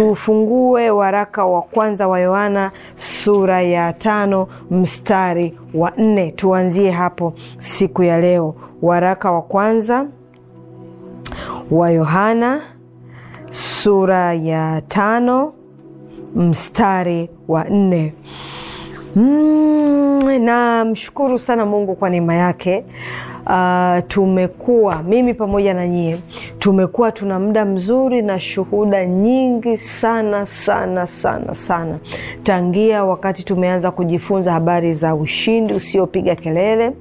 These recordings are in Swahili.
Tufungue waraka wa kwanza wa Yohana sura ya tano mstari wa nne. Tuanzie hapo siku ya leo. Waraka wa kwanza wa Yohana sura ya tano mstari wa nne. Mm, namshukuru sana Mungu kwa neema yake. Uh, tumekuwa mimi pamoja na nyie tumekuwa tuna muda mzuri na shuhuda nyingi sana sana sana sana tangia wakati tumeanza kujifunza habari za ushindi usiopiga kelele,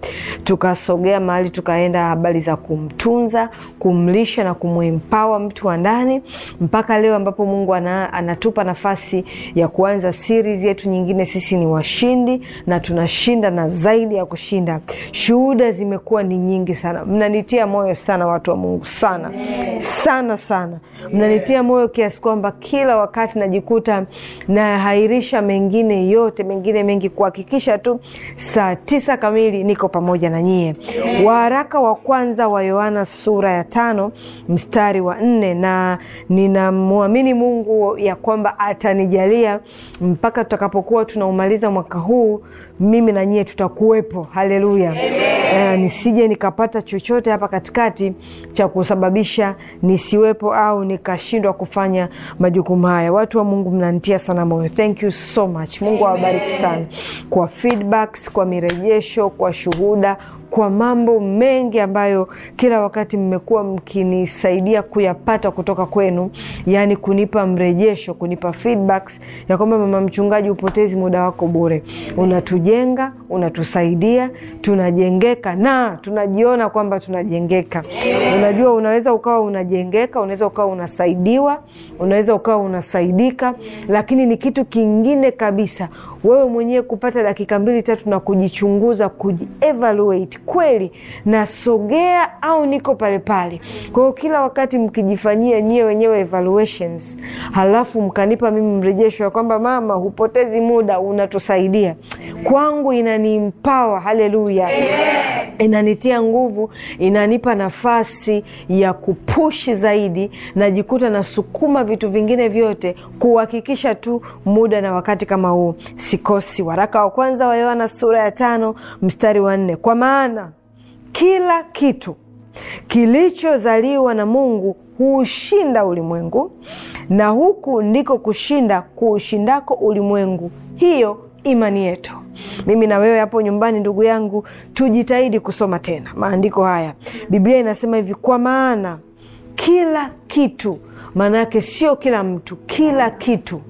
tukasogea mahali tukaenda habari za kumtunza, kumlisha na kumwimpawa mtu wa ndani mpaka leo ambapo Mungu ana, anatupa nafasi ya kuanza series yetu nyingine. Sisi ni washindi na tunashinda na zaidi ya kushinda. Shuhuda zimekuwa ni nyingi sana, mnanitia moyo sana watu wa Mungu sana sana sana, mnanitia moyo kiasi kwamba kila wakati najikuta nahairisha mengine yote mengine mengi kuhakikisha tu saa tisa kamili niko pamoja na nyie. waharaka wa kwanza wa Yohana sura ya tano mstari wa nne na ninamwamini Mungu ya kwamba atanijalia mpaka tutakapokuwa tunaumaliza mwaka huu mimi na nyie tutakuwepo. Haleluya! e, nisije nikapata chochote hapa katikati cha kusababisha nisiwepo au nikashindwa kufanya majukumu haya. Watu wa Mungu, mnantia sana moyo. Thank you so much. Mungu awabariki sana kwa feedbacks, kwa mirejesho, kwa shuhuda kwa mambo mengi ambayo kila wakati mmekuwa mkinisaidia kuyapata kutoka kwenu, yaani kunipa mrejesho, kunipa feedbacks ya kwamba mama mchungaji, upotezi muda wako bure, unatujenga, unatusaidia, tunajengeka na tunajiona kwamba tunajengeka. Unajua, unaweza ukawa unajengeka, unaweza ukawa unasaidiwa, unaweza ukawa unasaidika, lakini ni kitu kingine kabisa wewe mwenyewe kupata dakika mbili tatu na kujichunguza, kujievaluate kweli, nasogea au niko palepale. Kwa hiyo kila wakati mkijifanyia nyie wenyewe evaluations, halafu mkanipa mimi mrejesho ya kwamba mama, hupotezi muda, unatusaidia kwangu, inanimpawa. Haleluya, inanitia nguvu, inanipa nafasi ya kupushi zaidi, najikuta nasukuma vitu vingine vyote kuhakikisha tu muda na wakati kama huo sikosi. Waraka wa kwanza wa Yohana sura ya tano mstari wa nne kwa maana kila kitu kilichozaliwa na Mungu huushinda ulimwengu, na huku ndiko kushinda kuushindako ulimwengu, hiyo imani yetu. Mimi na wewe hapo nyumbani, ndugu yangu, tujitahidi kusoma tena maandiko haya. Biblia inasema hivi, kwa maana kila kitu maana yake sio kila mtu, kila kitu.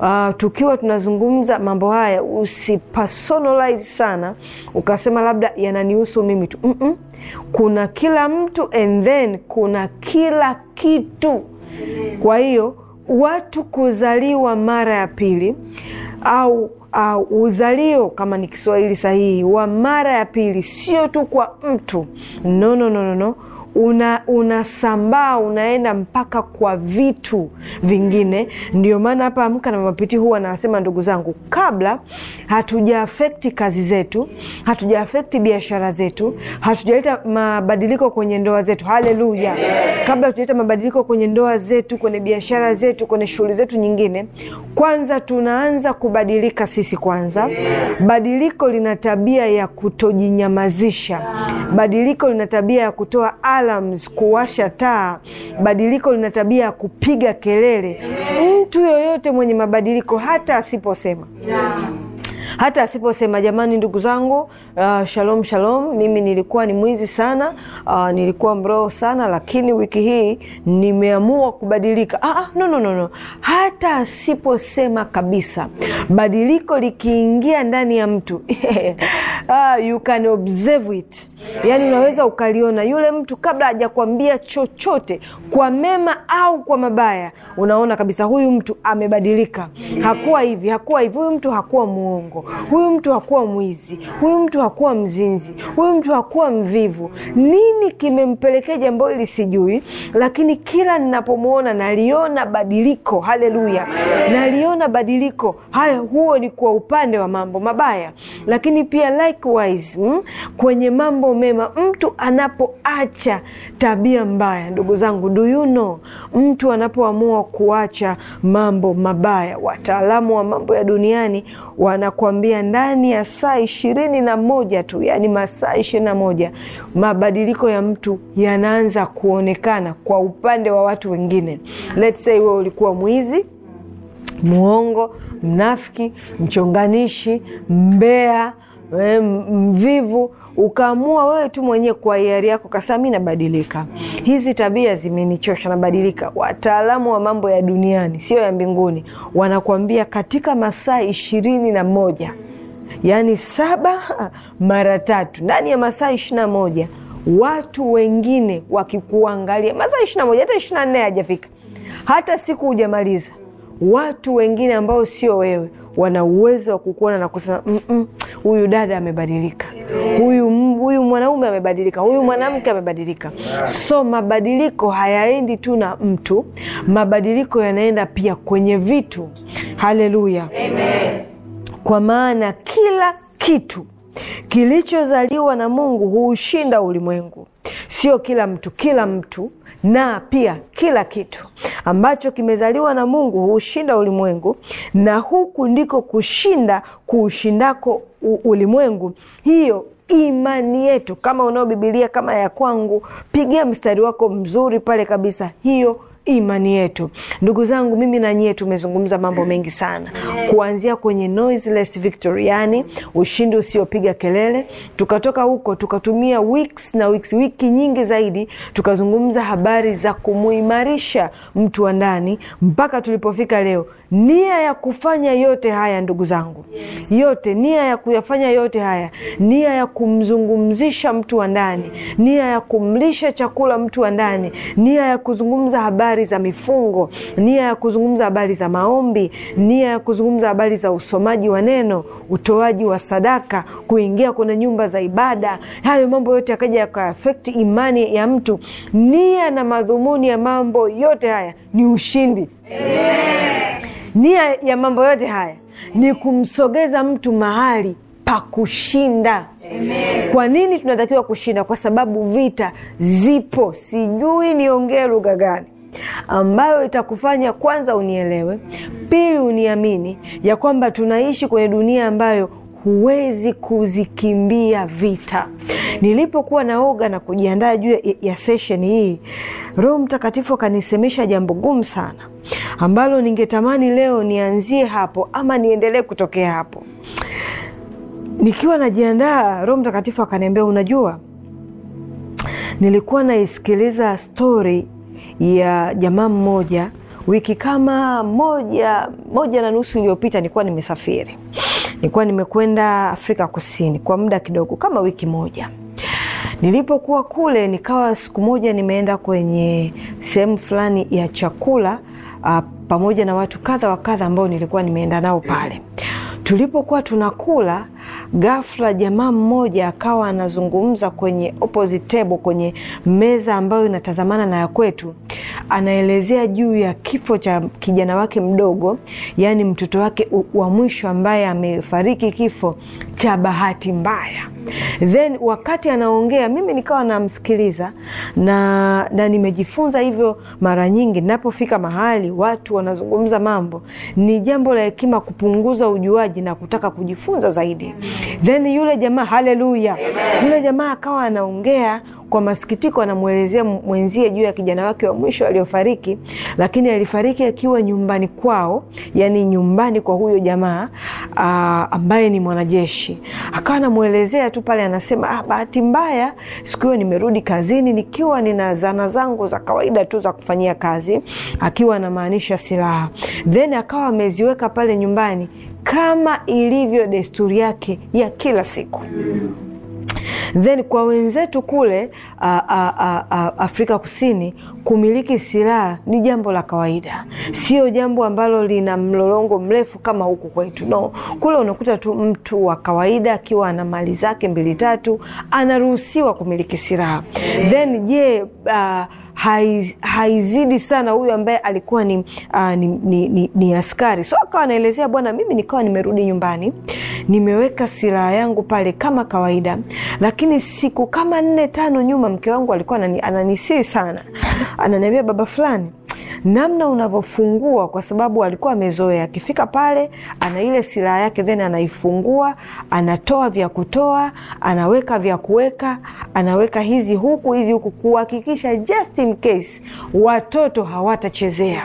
Uh, tukiwa tunazungumza mambo haya, usipersonalize sana ukasema labda yananihusu mimi tu. mm -mm. Kuna kila mtu and then kuna kila kitu. Kwa hiyo watu kuzaliwa mara ya pili au Uh, uzalio kama ni Kiswahili sahihi wa mara ya pili sio tu kwa mtu no, no, no, no, no una unasambaa unaenda mpaka kwa vitu vingine. Ndio maana hapa Amka na Mapiti huwa anawasema ndugu zangu, kabla hatuja afekti kazi zetu, hatuja afekti biashara zetu, hatujaleta mabadiliko kwenye ndoa zetu, haleluya, kabla hatujaleta mabadiliko kwenye ndoa zetu, kwenye biashara zetu, kwenye shughuli zetu nyingine, kwanza tunaanza kubadilika sisi kwanza. Badiliko lina tabia ya kutojinyamazisha, badiliko lina tabia ya kutoa ala alarms, kuwasha taa. Badiliko lina tabia ya kupiga kelele. Mtu yoyote mwenye mabadiliko hata asiposema yes hata asiposema jamani, ndugu zangu, uh, shalom shalom, mimi nilikuwa ni mwizi sana, uh, nilikuwa mroho sana, lakini wiki hii nimeamua kubadilika. Ah, ah no, no, no, no. Hata asiposema kabisa, badiliko likiingia ndani ya mtu ah, you can observe it, yaani unaweza ukaliona yule mtu kabla ajakwambia chochote, kwa mema au kwa mabaya, unaona kabisa huyu mtu amebadilika, hakuwa hivi, hakuwa hivi, huyu mtu hakuwa muongo huyu mtu hakuwa mwizi, huyu mtu hakuwa mzinzi, huyu mtu hakuwa mvivu. Nini kimempelekea jambo hili sijui, lakini kila ninapomwona naliona badiliko. Haleluya, naliona badiliko. Haya, huo ni kwa upande wa mambo mabaya, lakini pia likewise m, hmm, kwenye mambo mema, mtu anapoacha tabia mbaya, ndugu zangu, do you know, mtu anapoamua kuacha mambo mabaya, wataalamu wa mambo ya duniani wanakuambia ndani ya saa ishirini na moja tu, yaani masaa ishirini na moja mabadiliko ya mtu yanaanza kuonekana kwa upande wa watu wengine. Let's say wewe ulikuwa mwizi, mwongo, mnafiki, mchonganishi, mbea, eh, mvivu ukaamua wewe tu mwenyewe kwa hiari yako, kasema mi nabadilika, hizi tabia zimenichosha, nabadilika. Wataalamu wa mambo ya duniani, sio ya mbinguni, wanakuambia katika masaa ishirini na moja yaani saba mara tatu ndani ya masaa ishirini na moja watu wengine wakikuangalia masaa ishirini na moja hata ishiri na nne hajafika hata siku hujamaliza, watu wengine ambao sio wewe wana uwezo wa kukuona na kusema mm, mm, huyu dada amebadilika, huyu huyu mwanaume amebadilika, huyu mwanamke amebadilika. So mabadiliko hayaendi tu na mtu, mabadiliko yanaenda pia kwenye vitu. Haleluya, Kwa maana kila kitu kilichozaliwa na Mungu huushinda ulimwengu. Sio kila mtu, kila mtu na pia kila kitu ambacho kimezaliwa na Mungu huushinda ulimwengu, na huku ndiko kushinda kuushindako ulimwengu, hiyo imani yetu. Kama unao Biblia kama ya kwangu, pigia mstari wako mzuri pale kabisa, hiyo imani yetu. Ndugu zangu, mimi na nyie tumezungumza mambo mengi sana, kuanzia kwenye noiseless victory, yani ushindi usiopiga kelele. Tukatoka huko tukatumia weeks na weeks, wiki nyingi zaidi, tukazungumza habari za kumuimarisha mtu wa ndani mpaka tulipofika leo Nia ya kufanya yote haya ndugu zangu, yes. Yote nia ya kuyafanya yote haya, nia ya kumzungumzisha mtu wa ndani, nia ya kumlisha chakula mtu wa ndani, nia ya kuzungumza habari za mifungo, nia ya kuzungumza habari za maombi, nia ya kuzungumza habari za usomaji wa neno, utoaji wa sadaka, kuingia kwenye nyumba za ibada, hayo mambo yote yakaja yakaafekti imani ya mtu. Nia na madhumuni ya mambo yote haya ni ushindi. Nia ya mambo yote haya ni kumsogeza mtu mahali pa kushinda. Amen. Kwa nini tunatakiwa kushinda? Kwa sababu vita zipo, sijui niongee lugha gani ambayo itakufanya kwanza unielewe, pili uniamini ya kwamba tunaishi kwenye dunia ambayo huwezi kuzikimbia vita. Nilipokuwa naoga na kujiandaa juu ya seshen hii, Roho Mtakatifu akanisemesha jambo gumu sana ambalo ningetamani leo nianzie hapo ama niendelee kutokea hapo. Nikiwa najiandaa, Roho Mtakatifu akaniambia, unajua, nilikuwa naisikiliza stori ya jamaa mmoja wiki kama moja moja na nusu iliyopita, nilikuwa nimesafiri nilikuwa nimekwenda Afrika Kusini kwa muda kidogo, kama wiki moja. Nilipokuwa kule, nikawa siku moja nimeenda kwenye sehemu fulani ya chakula a, ah, pamoja na watu kadha wa kadha ambao nilikuwa nimeenda nao pale. Tulipokuwa tunakula ghafla jamaa mmoja akawa anazungumza kwenye opposite table, kwenye meza ambayo inatazamana na ya kwetu, anaelezea juu ya kifo cha kijana wake mdogo, yaani mtoto wake wa mwisho ambaye amefariki kifo cha bahati mbaya. Then wakati anaongea, mimi nikawa namsikiliza na, na nimejifunza hivyo mara nyingi, napofika mahali watu wanazungumza mambo, ni jambo la hekima kupunguza ujuaji na kutaka kujifunza zaidi. Then yule jamaa haleluya, yule jamaa akawa anaongea kwa masikitiko, anamwelezea mwenzie juu ya kijana wake wa mwisho aliyofariki, lakini alifariki akiwa nyumbani kwao, yani nyumbani kwa huyo jamaa aa, ah, ambaye ni mwanajeshi. Akawa anamwelezea tu pale, anasema ah, bahati mbaya siku hiyo nimerudi kazini nikiwa nina zana zangu za kawaida tu za kufanyia kazi, akiwa anamaanisha silaha. Then akawa ameziweka pale nyumbani kama ilivyo desturi yake ya kila siku. Then kwa wenzetu kule a, a, a, a, Afrika Kusini kumiliki silaha ni jambo la kawaida, sio jambo ambalo lina mlolongo mrefu kama huku kwetu. No, kule unakuta tu mtu wa kawaida akiwa ana mali zake mbili tatu anaruhusiwa kumiliki silaha. Then je, yeah, uh, haizidi sana huyu ambaye alikuwa ni, uh, ni, ni, ni, ni askari. So akawa anaelezea, bwana, mimi nikawa nimerudi nyumbani, nimeweka silaha yangu pale kama kawaida, lakini siku kama nne tano nyuma, mke wangu alikuwa anani, ananisii sana, ananiambia baba fulani namna unavyofungua, kwa sababu alikuwa amezoea akifika pale ana ile silaha yake, then anaifungua, anatoa vya kutoa, anaweka vya kuweka, anaweka hizi huku hizi huku, kuhakikisha just in case watoto hawatachezea.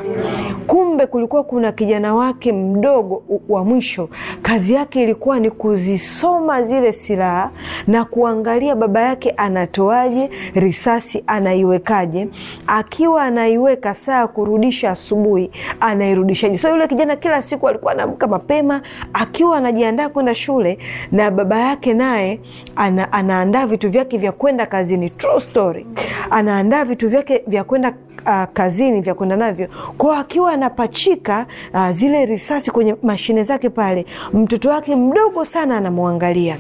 Kumbe kulikuwa kuna kijana wake mdogo wa mwisho, kazi yake ilikuwa ni kuzisoma zile silaha na kuangalia baba yake anatoaje risasi, anaiwekaje, akiwa anaiweka saa kurudisha asubuhi anairudishaje? So yule kijana kila siku alikuwa anaamka mapema akiwa anajiandaa kwenda shule, na baba yake naye ana, anaandaa vitu vyake vya kwenda kazini. True story, anaandaa vitu vyake vya kwenda Uh, kazini vya kwenda navyo kwao, akiwa anapachika uh, zile risasi kwenye mashine zake pale, mtoto wake mdogo sana anamwangalia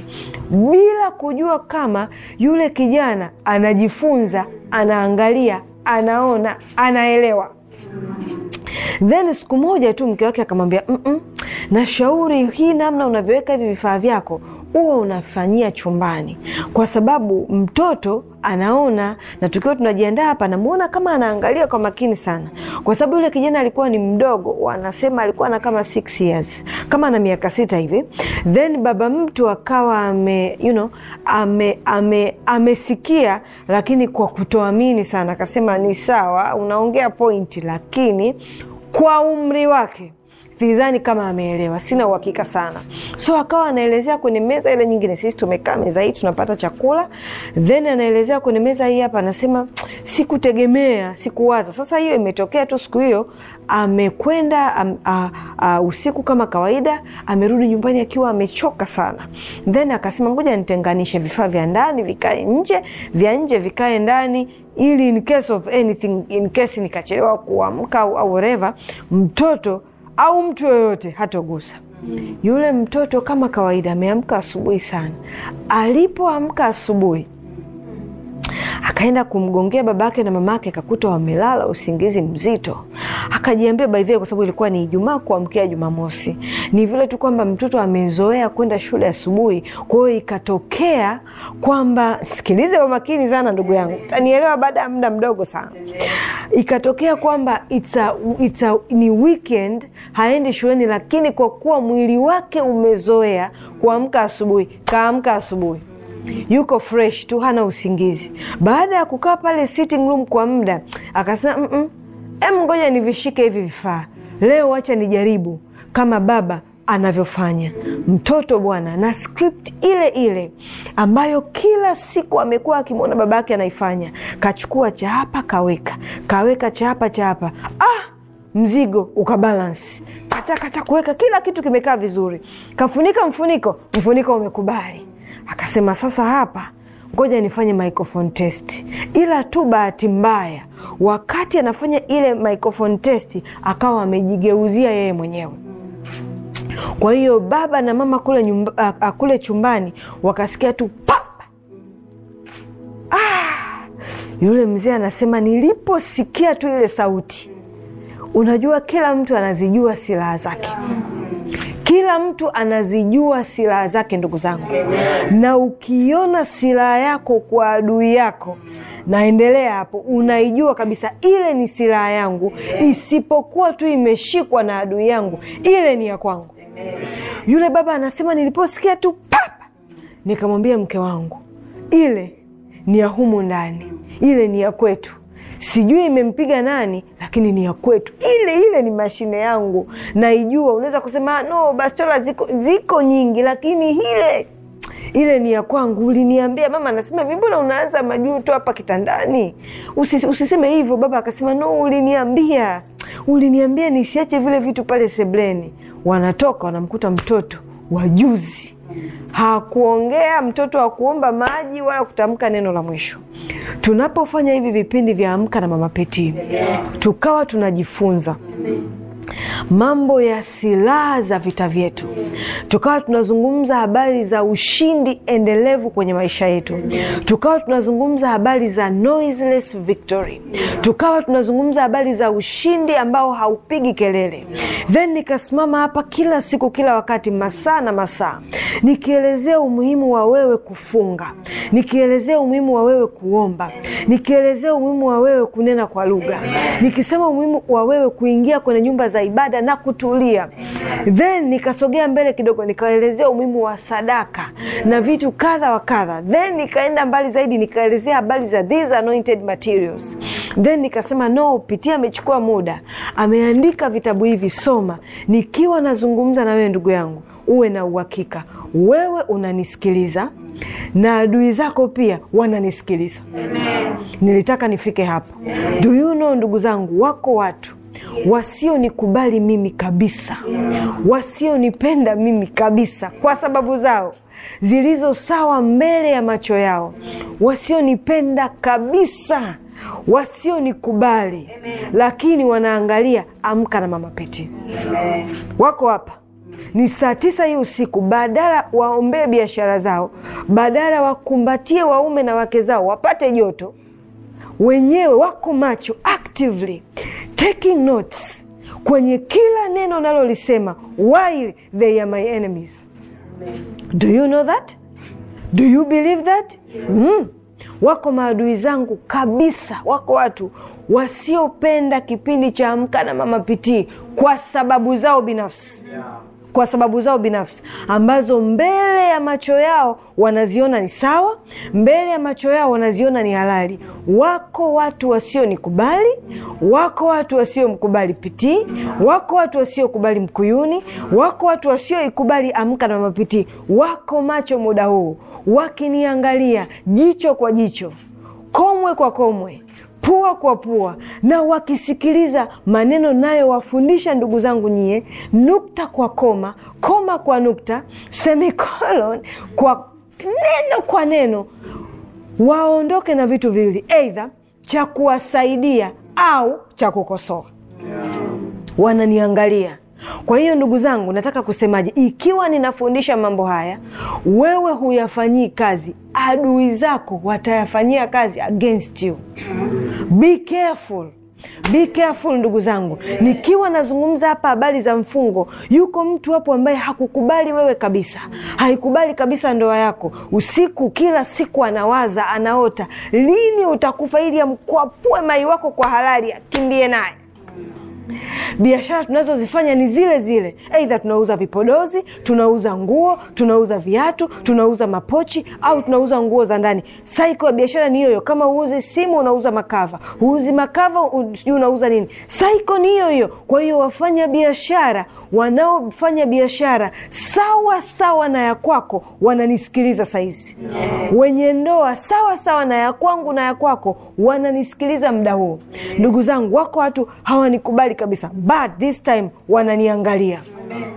bila kujua kama yule kijana anajifunza, anaangalia, anaona, anaelewa. Then siku moja tu mke wake akamwambia, nashauri hii namna unavyoweka hivi vifaa vyako huwa unafanyia chumbani, kwa sababu mtoto anaona, na tukiwa tunajiandaa hapa, namuona kama anaangalia kwa makini sana, kwa sababu yule kijana alikuwa ni mdogo, wanasema alikuwa na kama six years, kama na miaka sita hivi. Then baba mtu akawa ame, you know, ame, ame, amesikia, lakini kwa kutoamini sana, akasema ni sawa, unaongea pointi, lakini kwa umri wake sidhani kama ameelewa, sina uhakika sana. So akawa anaelezea kwenye meza ile nyingine, sisi tumekaa meza hii tunapata chakula, then anaelezea kwenye meza hii hapa, anasema sikutegemea, sikuwaza. Sasa hiyo imetokea tu siku hiyo, amekwenda am, a, a, usiku kama kawaida, amerudi nyumbani akiwa amechoka sana, then akasema ngoja nitenganishe vifaa vya ndani vikae nje, vya nje vikae ndani ili in case of anything, in case nikachelewa kuamka au reva mtoto au mtu yoyote hatogusa mm. yule mtoto. Kama kawaida ameamka asubuhi sana, alipoamka asubuhi akaenda kumgongea babake na mamake, akakuta wamelala usingizi mzito. Akajiambia baidhia kwa sababu ilikuwa ni Ijumaa kuamkia Jumamosi, ni vile tu kwamba mtoto amezoea kwenda shule asubuhi. kwahiyo ikatokea kwamba, sikilize kwa makini sana ndugu yangu, tanielewa baada ya muda mdogo sana. Ikatokea kwamba it's a, it's a, ni weekend, haendi shuleni, lakini kwa kuwa mwili wake umezoea kuamka asubuhi, kaamka asubuhi yuko fresh tu, hana usingizi. Baada ya kukaa pale sitting room kwa muda, akasema mm, mm em, ngoja nivishike hivi vifaa leo, wacha nijaribu kama baba anavyofanya mtoto bwana, na script ile ile ambayo kila siku amekuwa akimwona baba yake anaifanya, kachukua cha hapa kaweka, kaweka cha hapa cha hapa, ah, mzigo ukabalansi, katakata kuweka, kila kitu kimekaa vizuri, kafunika mfuniko, mfuniko umekubali Akasema sasa hapa ngoja nifanye microphone test, ila tu bahati mbaya, wakati anafanya ile microphone test akawa amejigeuzia yeye mwenyewe. Kwa hiyo baba na mama kule, nyumba, kule chumbani wakasikia tu pap! Ah, yule mzee anasema niliposikia tu ile sauti, unajua kila mtu anazijua silaha zake. Kila mtu anazijua silaha zake, ndugu zangu, na ukiona silaha yako kwa adui yako, naendelea hapo, unaijua kabisa ile ni silaha yangu, isipokuwa tu imeshikwa na adui yangu, ile ni ya kwangu. Yule baba anasema, niliposikia tu papa, nikamwambia mke wangu, ile ni ya humu ndani, ile ni ya kwetu sijui imempiga nani, lakini ni ya kwetu, ile ile ni mashine yangu naijua. Unaweza kusema no, bastola ziko, ziko nyingi, lakini ile ile ni ya kwangu. Uliniambia mama, anasema mi, mbona unaanza majuto hapa kitandani? Usis, usiseme hivyo. Baba akasema no, uliniambia uliniambia nisiache vile vitu pale sebleni. Wanatoka wanamkuta mtoto wajuzi hakuongea mtoto wa kuomba maji wala kutamka neno la mwisho. Tunapofanya hivi vipindi vya Amka na Mama Piti, yes. tukawa tunajifunza Amen mambo ya silaha za vita vyetu, tukawa tunazungumza habari za ushindi endelevu kwenye maisha yetu, tukawa tunazungumza habari za noiseless victory, tukawa tunazungumza habari za ushindi ambao haupigi kelele. Then nikasimama hapa kila siku, kila wakati, masaa na masaa, nikielezea umuhimu wa wewe kufunga, nikielezea umuhimu wa wewe kuomba, nikielezea umuhimu wa wewe kunena kwa lugha, nikisema umuhimu wa wewe kuingia kwenye nyumba za ibada na kutulia. Then nikasogea mbele kidogo, nikaelezea umuhimu wa sadaka na vitu kadha wa kadha. Then nikaenda mbali zaidi, nikaelezea habari za these anointed materials. Then nikasema no, Pitia amechukua muda, ameandika vitabu hivi, soma. Nikiwa nazungumza na wewe ndugu yangu, uwe na uhakika wewe unanisikiliza na adui zako pia wananisikiliza. Nilitaka nifike hapo Do you know, ndugu zangu, wako watu wasionikubali mimi kabisa, wasionipenda mimi kabisa, kwa sababu zao zilizo sawa mbele ya macho yao, wasionipenda kabisa, wasionikubali, lakini wanaangalia Amka na Mama Peti Wako hapa ni saa tisa hii usiku, badala waombee biashara zao, badala wakumbatie waume na wake zao wapate joto, wenyewe wako macho actively taking notes kwenye kila neno nalolisema, while they are my enemies. Do you know that? Do you believe that? Mm. Wako maadui zangu kabisa, wako watu wasiopenda kipindi cha Amka na Mama kwa sababu zao binafsi, yeah kwa sababu zao binafsi ambazo mbele ya macho yao wanaziona ni sawa, mbele ya macho yao wanaziona ni halali. Wako watu wasionikubali, wako watu wasiomkubali Pitii, wako watu wasiokubali Mkuyuni, wako watu wasioikubali Amka na Mapitii. Wako macho muda huu wakiniangalia jicho kwa jicho, komwe kwa komwe pua kwa pua, na wakisikiliza maneno nayo wafundisha. Ndugu zangu nyie, nukta kwa koma, koma kwa nukta, semikolon kwa neno kwa neno, waondoke na vitu viwili, aidha cha kuwasaidia au cha kukosoa. Wananiangalia kwa hiyo ndugu zangu, nataka kusemaje? Ikiwa ninafundisha mambo haya, wewe huyafanyii kazi, adui zako watayafanyia kazi against you. Be careful. Be careful ndugu zangu, nikiwa nazungumza hapa habari za mfungo, yuko mtu hapo ambaye hakukubali wewe kabisa, haikubali kabisa ndoa yako. Usiku kila siku anawaza, anaota lini utakufa, ili amkwapue mai wako kwa halali, akimbie naye biashara tunazozifanya ni zile zile, aidha tunauza vipodozi, tunauza nguo, tunauza viatu, tunauza mapochi au tunauza nguo za ndani. Saiko ya biashara ni hiyo Kama uuzi simu, unauza makava, uuzi makava, sijui unauza nini. Saiko ni hiyo hiyo. Kwa hiyo wafanya biashara wanaofanya biashara sawa sawa na ya kwako wananisikiliza sahizi, yeah. Wenye ndoa sawa sawa na ya kwangu na ya kwako wananisikiliza mda huo. Ndugu zangu, wako watu hawanikubali kabisa, but this time wananiangalia. Amen.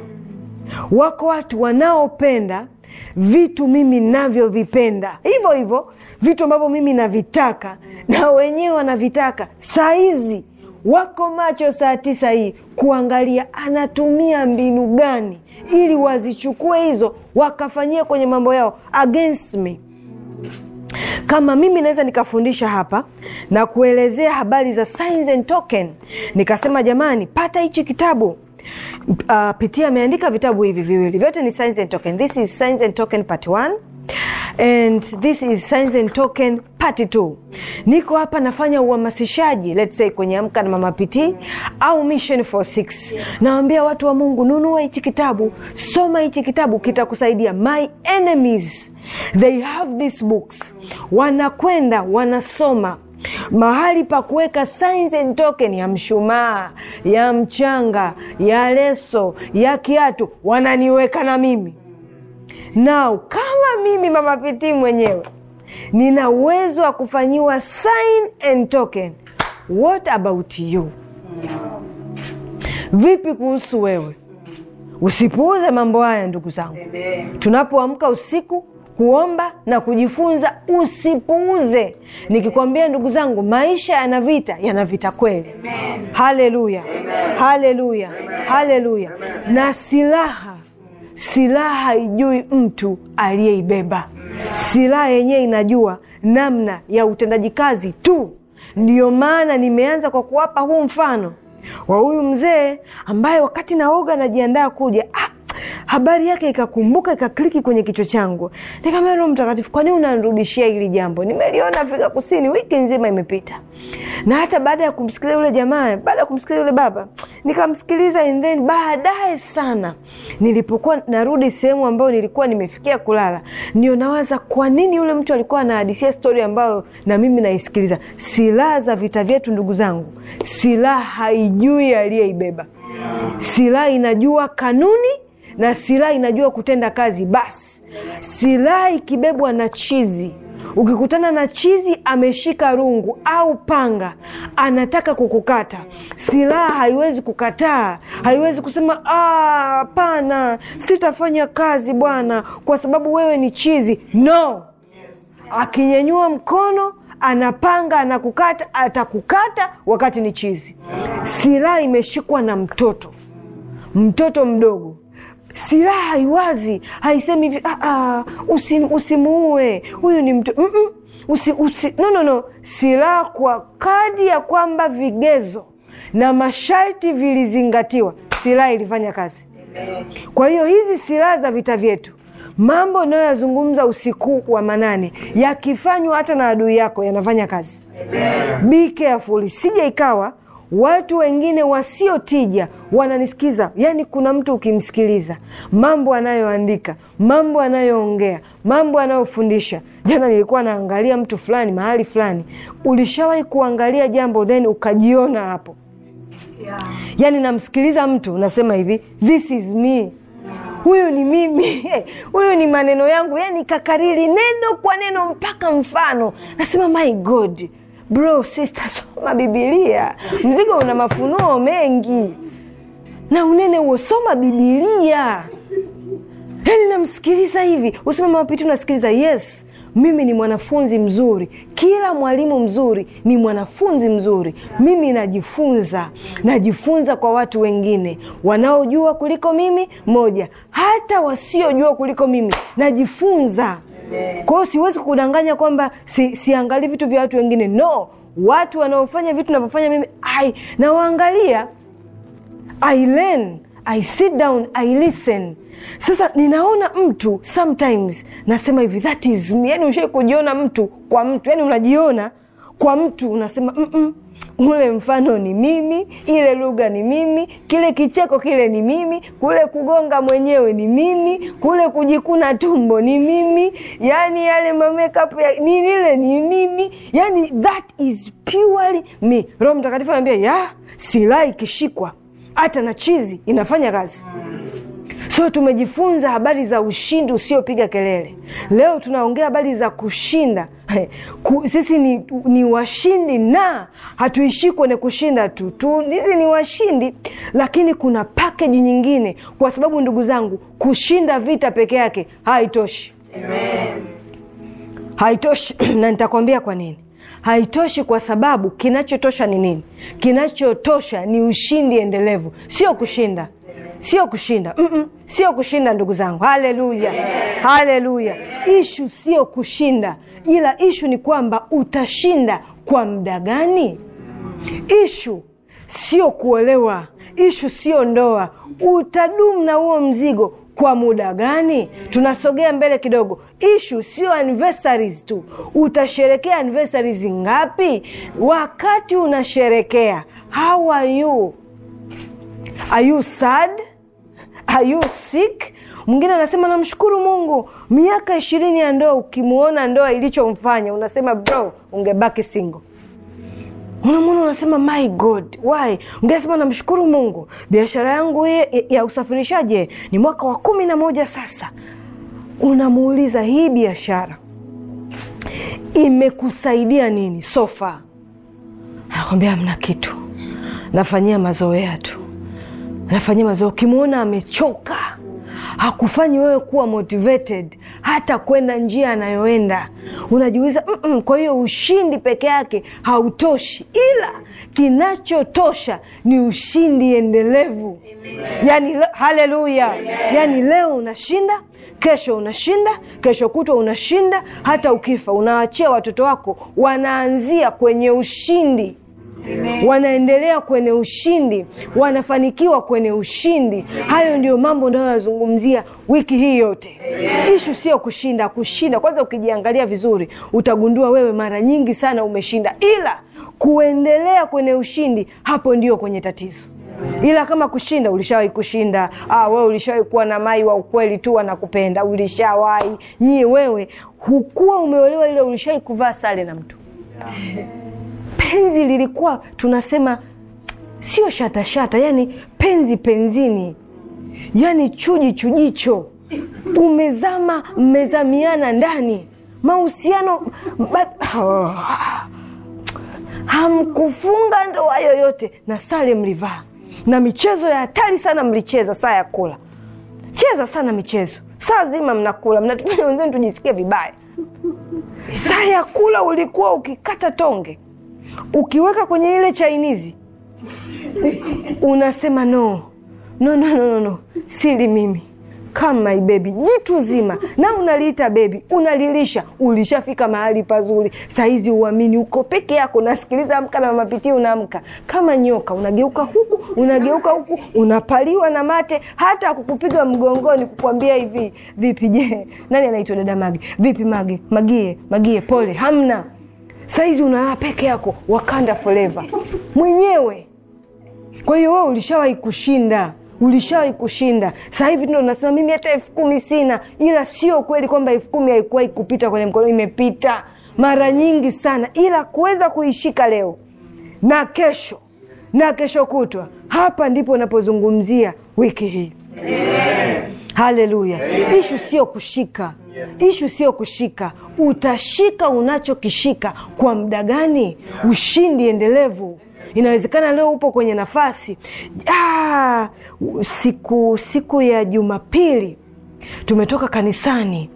Wako watu wanaopenda vitu mimi navyovipenda hivyo hivyo, vitu ambavyo mimi navitaka na wenyewe wanavitaka. Saa hizi wako macho saa tisa hii kuangalia anatumia mbinu gani ili wazichukue hizo wakafanyia kwenye mambo yao against me. Kama mimi naweza nikafundisha hapa na kuelezea habari za signs and token, nikasema jamani, pata hichi kitabu uh, Pitia ameandika vitabu hivi viwili, vyote ni signs and token. This is signs and token part 1 and this is Signs and Token part 2. Niko hapa nafanya uhamasishaji let's say kwenye Amka na Mama PT au Mission 46. nawambia watu wa Mungu, nunua hichi kitabu, soma hichi kitabu, kitakusaidia. My enemies they have these books. Wanakwenda wanasoma mahali pa kuweka signs and token ya mshumaa, ya mchanga, ya leso, ya kiatu, wananiweka na mimi nao kama mimi mama Pitii mwenyewe nina uwezo wa kufanyiwa sign and token, what about you? Vipi kuhusu wewe? Usipuuze mambo haya ndugu zangu, tunapoamka usiku kuomba na kujifunza, usipuuze. Nikikwambia ndugu zangu, maisha yana vita, yana vita kweli. Haleluya, haleluya, haleluya! Na silaha Silaha haijui mtu aliyeibeba, silaha yenyewe inajua namna ya utendaji kazi tu. Ndiyo maana nimeanza kwa kuwapa huu mfano wa huyu mzee ambaye wakati naoga najiandaa kuja ah, habari yake ikakumbuka, ikakliki kwenye kichwa changu, nikamwambia Roho Mtakatifu, kwa nini unanirudishia hili jambo? Nimeliona Afrika Kusini, wiki nzima imepita, na hata baada ya kumsikiliza yule jamaa, baada ya kumsikiliza yule baba, nikamsikiliza and then baadaye sana, nilipokuwa narudi sehemu ambayo nilikuwa nimefikia kulala, ndio nawaza kwa nini yule mtu alikuwa anahadisia stori ambayo na mimi naisikiliza. Silaha za vita vyetu, ndugu zangu, silaha haijui aliyeibeba, silaha inajua kanuni na silaha inajua kutenda kazi. Basi silaha ikibebwa na chizi, ukikutana na chizi ameshika rungu au panga, anataka kukukata, silaha haiwezi kukataa, haiwezi kusema ah, hapana, sitafanya kazi bwana, kwa sababu wewe ni chizi. No, akinyanyua mkono anapanga anakukata, atakukata wakati ni chizi. Silaha imeshikwa na mtoto, mtoto mdogo silaha haiwazi haisemi hivi ah, ah, usi, usimuue huyu ni mtu mm -mm, usi, usi, no, no, no. Silaha kwa kadi ya kwamba vigezo na masharti vilizingatiwa, silaha ilifanya kazi. Kwa hiyo hizi silaha za vita vyetu mambo unayoyazungumza usiku wa manane yakifanywa hata na adui yako yanafanya kazi. Be careful, sija ikawa watu wengine wasiotija wananisikiza. Yani, kuna mtu ukimsikiliza, mambo anayoandika, mambo anayoongea, mambo anayofundisha. Jana nilikuwa naangalia mtu fulani mahali fulani. Ulishawahi kuangalia jambo then ukajiona hapo? Yeah. Yani namsikiliza mtu nasema hivi, this is me huyu ni mimi, huyu ni maneno yangu. Yani kakariri neno kwa neno mpaka mfano, nasema my God bro, sister, soma Biblia, mzigo una mafunuo mengi na unene huo, soma Biblia. Yani namsikiliza hivi, useme mapiti, unasikiliza yes mimi ni mwanafunzi mzuri. Kila mwalimu mzuri ni mwanafunzi mzuri. Mimi najifunza, najifunza kwa watu wengine wanaojua kuliko mimi, moja, hata wasiojua kuliko mimi, najifunza. Kwa hiyo siwezi kudanganya kwamba si, siangalii vitu vya watu wengine. No, watu wanaofanya vitu navyofanya mimi I nawaangalia, I learn, I sit down, I listen. Sasa ninaona mtu sometimes nasema hivi that is me. Yani ushai kujiona mtu kwa mtu, yani unajiona kwa mtu unasema mm -mm ule mfano ni mimi, ile lugha ni mimi, kile kicheko kile ni mimi, kule kugonga mwenyewe ni mimi, kule kujikuna tumbo ni mimi, yani yale makeup ya, ni lile ni mimi, yani that is purely me. Roho Mtakatifu anambia ya silai ikishikwa hata na chizi inafanya kazi so tumejifunza habari za ushindi usiopiga kelele. Leo tunaongea habari za kushinda. Sisi ni, ni washindi na hatuishii kwenye kushinda tu tu, sisi ni washindi, lakini kuna pakeji nyingine, kwa sababu ndugu zangu, kushinda vita peke yake haitoshi. Amen. Haitoshi na nitakwambia kwa nini haitoshi kwa sababu kinachotosha ni nini? Kinachotosha ni ushindi endelevu, sio kushinda sio kushinda mm -mm. sio kushinda ndugu zangu haleluya yeah. haleluya yeah. ishu sio kushinda ila ishu ni kwamba utashinda kwa muda gani ishu sio kuolewa ishu sio ndoa utadumu na huo mzigo kwa muda gani? Tunasogea mbele kidogo. Ishu sio anniversaries tu. Utasherekea anniversaries ngapi? Wakati unasherekea, how are you? Are you sad? are you sick mwingine anasema namshukuru mungu miaka ishirini ya ndoa ukimwona ndoa ilichomfanya unasema bro ungebaki single unamwona unasema my god why ungesema namshukuru mungu biashara yangu ya, ya usafirishaji ni mwaka wa kumi na moja sasa unamuuliza hii biashara imekusaidia nini sofa anakwambia mna kitu nafanyia mazoea tu anafanyia mazoezi. Ukimwona amechoka, hakufanyi wewe kuwa motivated hata kwenda njia anayoenda, unajiuliza mm -mm. Kwa hiyo ushindi peke yake hautoshi, ila kinachotosha ni ushindi endelevu. Yani, haleluya! Yani leo unashinda kesho unashinda, kesho kutwa unashinda, hata ukifa unaachia watoto wako wanaanzia kwenye ushindi. Wanaendelea kwenye ushindi, wanafanikiwa kwenye ushindi. Hayo ndio mambo nayoyazungumzia wiki hii yote. Ishu sio kushinda, kushinda kwanza, ukijiangalia vizuri utagundua wewe mara nyingi sana umeshinda, ila kuendelea kwenye ushindi, hapo ndio kwenye tatizo ila kama kushinda, ulishawahi kushinda. Ah, wewe ulishawahi kuwa na mai wa ukweli tu wanakupenda, ulishawahi. Nyie wewe hukuwa umeolewa, ile ulishawahi kuvaa sare na mtu penzi lilikuwa tunasema sio shatashata, yani penzi penzini, yani chuji chujicho, umezama mmezamiana ndani mahusiano oh, hamkufunga ndoa yoyote, na sale mlivaa na michezo ya hatari sana mlicheza, saa ya kula cheza sana michezo, saa zima mnakula, mnatufanya wenzenu tujisikie vibaya. Saa ya kula ulikuwa ukikata tonge ukiweka kwenye ile chainizi unasema no no no no, no. sili mimi kama bebi jitu zima na unaliita bebi, unalilisha. Ulishafika mahali pazuri, sahizi uamini, uko peke yako, nasikiliza amka na mamapitii. Unaamka kama nyoka, unageuka huku unageuka huku, unapaliwa na mate, hata kukupiga mgongoni, kukwambia hivi, vipi je, nani anaitwa dada Magi? Vipi Magi, Magie, Magie, pole, hamna saizi unalaa peke yako, Wakanda foreva mwenyewe. Kwa hiyo wewe ulishawahi kushinda, ulishawahi kushinda. Sasa hivi ndo nasema mimi hata elfu kumi sina, ila sio kweli kwamba elfu kumi haikuwahi kupita kwenye mkono, imepita mara nyingi sana, ila kuweza kuishika leo na kesho na kesho kutwa, hapa ndipo unapozungumzia wiki hii. Haleluya! Ishu sio kushika yes. Ishu sio kushika, utashika unachokishika kwa muda gani? yeah. Ushindi endelevu Inawezekana leo upo kwenye nafasi ah, siku siku ya Jumapili tumetoka kanisani,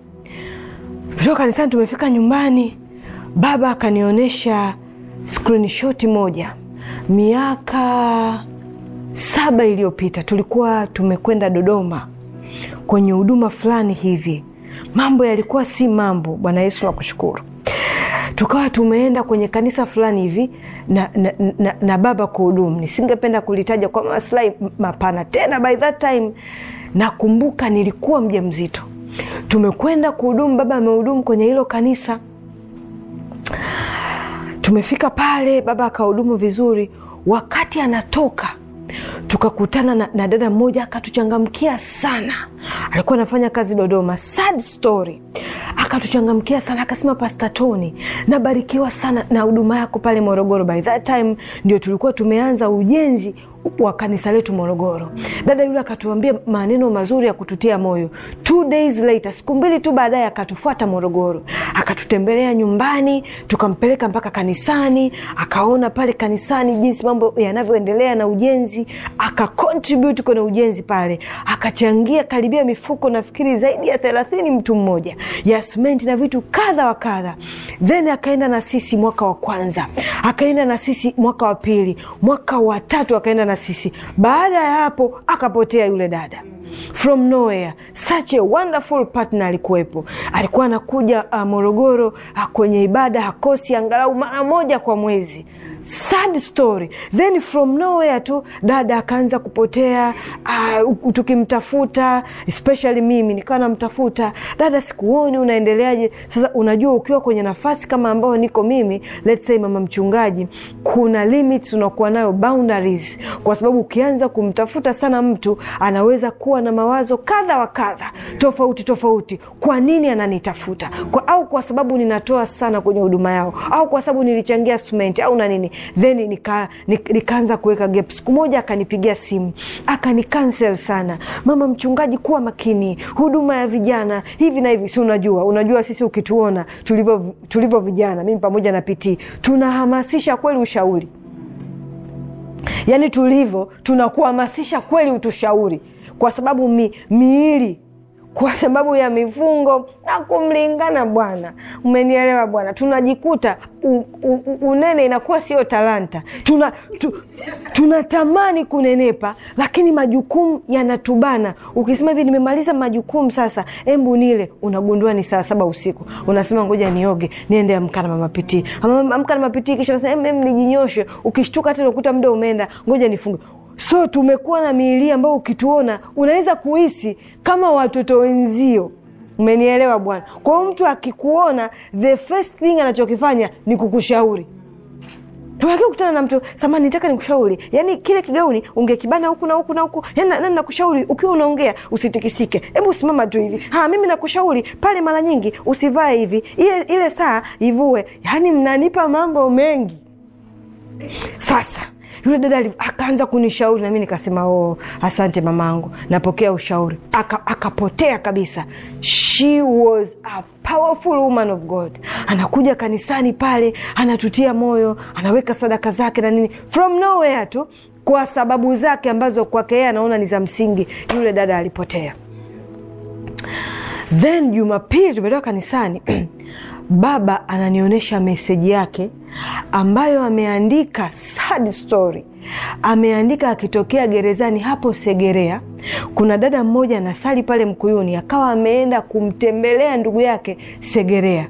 tumetoka kanisani, tumefika nyumbani, baba akanionyesha screenshot moja miaka saba iliyopita. Tulikuwa tumekwenda Dodoma kwenye huduma fulani hivi, mambo yalikuwa si mambo. Bwana Yesu nakushukuru. Tukawa tumeenda kwenye kanisa fulani hivi na, na, na, na baba kuhudumu, nisingependa kulitaja kwa maslahi mapana tena. By that time nakumbuka nilikuwa mja mzito, tumekwenda kuhudumu, baba amehudumu kwenye hilo kanisa. Tumefika pale, baba akahudumu vizuri. Wakati anatoka tukakutana na, na dada mmoja akatuchangamkia sana, alikuwa anafanya kazi Dodoma. Sad story, akatuchangamkia sana akasema, Pasta nabarikiwa sana na huduma yako pale Morogoro. By that time ndio tulikuwa tumeanza ujenzi wa kanisa letu Morogoro. Dada yule akatuambia maneno mazuri ya kututia moyo. Two days later, siku mbili tu baadaye, akatufuata Morogoro, akatutembelea nyumbani, tukampeleka mpaka kanisani, akaona pale kanisani jinsi mambo yanavyoendelea na ujenzi, akakontribute kwenye ujenzi pale, akachangia karibia mifuko nafikiri zaidi ya thelathini, mtu mmoja ya simenti na vitu kadha wa kadha. Then akaenda na sisi mwaka wa kwanza, akaenda na sisi mwaka wa pili, mwaka wa tatu akaenda na sisi. Baada ya hapo akapotea yule dada from nowhere, such a wonderful partner alikuwepo. Alikuwa anakuja uh, Morogoro uh, kwenye ibada hakosi angalau mara moja kwa mwezi. Sad story. Then from nowhere tu dada akaanza kupotea, uh, tukimtafuta, especially mimi nikawa namtafuta dada, sikuoni, unaendeleaje? Sasa unajua ukiwa kwenye nafasi kama ambayo niko mimi, let's say mama mchungaji, kuna limits unakuwa nayo, boundaries, kwa sababu ukianza kumtafuta sana mtu anaweza kuwa kuwa na mawazo kadha wa kadha tofauti tofauti. Kwa nini ananitafuta kwa, au kwa sababu ninatoa sana kwenye huduma yao, au kwa sababu nilichangia simenti au na nini, then nikaanza nika kuweka gap. Siku moja akanipigia simu akanikansel sana, mama mchungaji, kuwa makini, huduma ya vijana hivi na hivi, si unajua, unajua sisi ukituona tulivyo tulivyo vijana, mimi pamoja na pitii, tunahamasisha kweli ushauri, yaani tulivyo tunakuhamasisha kweli utushauri kwa sababu mi, miili kwa sababu ya mifungo na kumlingana. Bwana, umenielewa Bwana? Tunajikuta u, u, unene inakuwa sio talanta. Tuna tu, tunatamani kunenepa, lakini majukumu yanatubana. Ukisema hivi, nimemaliza majukumu sasa, embu nile, unagundua ni saa saba usiku, unasema ngoja nioge, niende amka na mama pitii, amka na kisha nasema em, nijinyoshe. Ukishtuka tena ukuta muda umeenda, ngoja nifunge So tumekuwa na miili ambayo ukituona unaweza kuhisi kama watoto wenzio. Umenielewa bwana? Kwa hiyo mtu akikuona, the first thing anachokifanya ni kukushauri kukutana na mtu samani, nitaka nikushauri, yaani kile kigauni ungekibana huku na huku na huku, yaani nani nakushauri, ukiwa unaongea usitikisike, hebu simama tu hivi. Ha, mimi nakushauri pale, mara nyingi usivae hivi, ile ile saa ivue. Yaani mnanipa mambo mengi sasa yule dada akaanza kunishauri, nami nikasema oh, asante mamangu, napokea ushauri. Akapotea aka kabisa. She was a powerful woman of God. Anakuja kanisani pale, anatutia moyo, anaweka sadaka zake na nini, from nowhere tu, kwa sababu zake ambazo kwake yeye anaona ni za msingi, yule dada alipotea. Then Jumapili tumetoka kanisani baba ananionyesha meseji yake ambayo ameandika sad story, ameandika akitokea gerezani hapo Segerea. Kuna dada mmoja anasali pale Mkuyuni, akawa ameenda kumtembelea ndugu yake Segerea.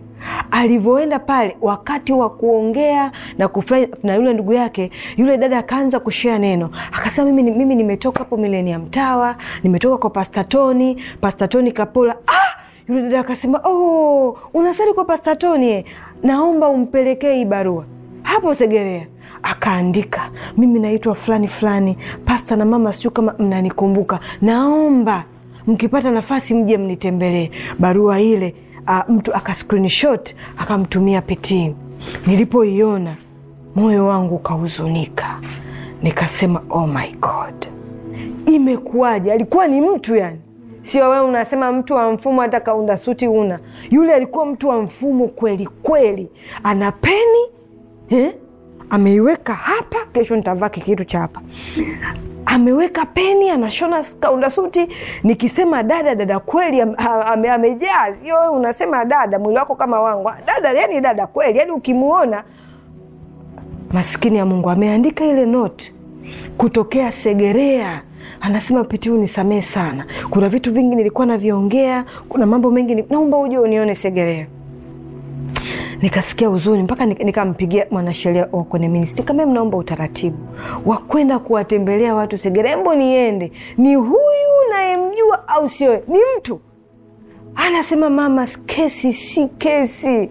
Alivyoenda pale, wakati wa kuongea na kufurahi na yule ndugu yake, yule dada akaanza kushea neno, akasema mimi, mimi nimetoka hapo milenia mtawa nimetoka kwa pastatoni pastatoni Kapola. ah! Yule dada akasema, oh, unasali kwa Pasta Tony, naomba umpelekee hii barua hapo Segerea. Akaandika, mimi naitwa fulani fulani, pasta na mama, sijui kama mnanikumbuka, naomba mkipata nafasi mje mnitembelee. Barua ile a, mtu aka screenshot akamtumia Pitii. Nilipoiona moyo wangu ukahuzunika, nikasema oh my God, imekuwaje? Alikuwa ni mtu yani sio wewe unasema mtu wa mfumo, hata kaunda suti una. Yule alikuwa mtu wa mfumo kweli kweli, ana peni eh? Ameiweka hapa, kesho nitavaa kikitu cha hapa ameweka peni, anashona kaunda suti. Nikisema dada dada, kweli amejaa ame, sio unasema dada, mwili wako kama wangu dada, yani dada kweli, yani ukimuona maskini ya Mungu ameandika ile noti kutokea Segerea anasema Pitiu, nisamehe sana, kuna vitu vingi nilikuwa naviongea, kuna mambo mengi, naomba uje unione Segerea. Nikasikia huzuni mpaka nikampigia mwanasheria wa kwenye ministri, kama mnaomba utaratibu wa kwenda kuwatembelea watu Segerea, embo niende, ni huyu nayemjua au sio? Ni mtu anasema, mama, kesi si kesi,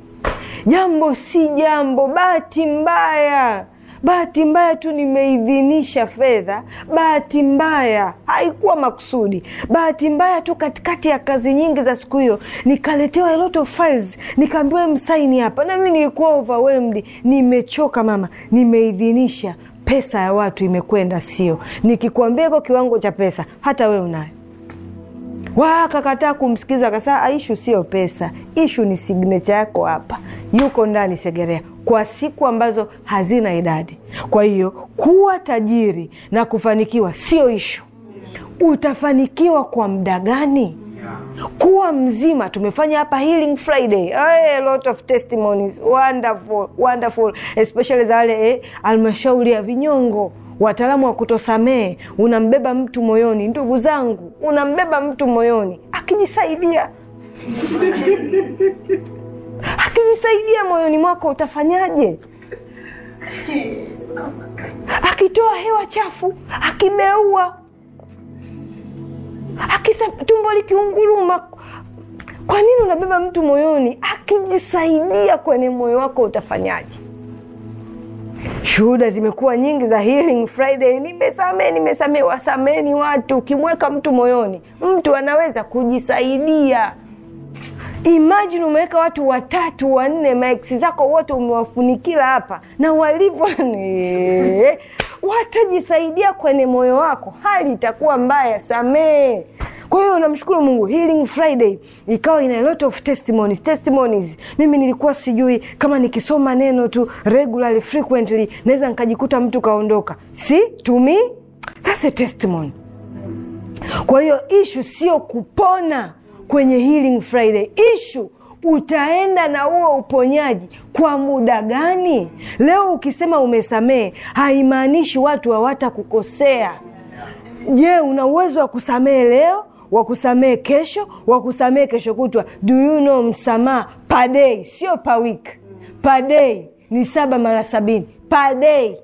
jambo si jambo, bahati mbaya Bahati mbaya tu nimeidhinisha fedha, bahati mbaya, haikuwa makusudi. Bahati mbaya tu katikati ya kazi nyingi za siku hiyo nikaletewa files, nikaambiwa msaini hapa, na mimi nilikuwa overwhelmed. Nimechoka mama, nimeidhinisha pesa ya watu imekwenda, sio nikikwambia hiko kiwango cha pesa, hata wewe unayo wakakataa kumsikiza, kasaa ah, ishu sio pesa, ishu ni signecha yako hapa. Yuko ndani Segerea kwa siku ambazo hazina idadi. Kwa hiyo kuwa tajiri na kufanikiwa sio ishu. Utafanikiwa kwa mda gani? kuwa mzima. Tumefanya hapa Healing Friday, a lot of testimonies wonderful, wonderful especially za wale eh, almashauri ya Vinyongo wataalamu wa kutosamehe, unambeba mtu moyoni. Ndugu zangu, unambeba mtu moyoni akijisaidia akijisaidia moyoni mwako utafanyaje? Akitoa hewa chafu, akibeua, akitumbo likiunguruma, kwa nini unabeba mtu moyoni? Akijisaidia kwenye moyo wako utafanyaje? Shuhuda zimekuwa nyingi za Healing Friday, nimesamee, nimesamee. Wasameni watu, ukimweka mtu moyoni, mtu anaweza kujisaidia. Imagine umeweka watu watatu wanne, maesi zako wote umewafunikila hapa na walivyo watajisaidia kwenye moyo wako, hali itakuwa mbaya. Samee. Kwa hiyo namshukuru Mungu, Healing Friday ikawa ina lot of testimonies, testimonies. Mimi nilikuwa sijui kama nikisoma neno tu regularly frequently naweza nikajikuta mtu kaondoka, si to me that's a testimony. Kwa hiyo ishu sio kupona kwenye Healing Friday, ishu utaenda na huo uponyaji kwa muda gani? Leo ukisema umesamehe haimaanishi watu hawatakukosea. Je, una uwezo wa kusamehe leo? wakusamehe kesho, wakusamehe kesho kutwa. Do you know, msamaha padei, sio pa wiki. Padei ni saba mara sabini padei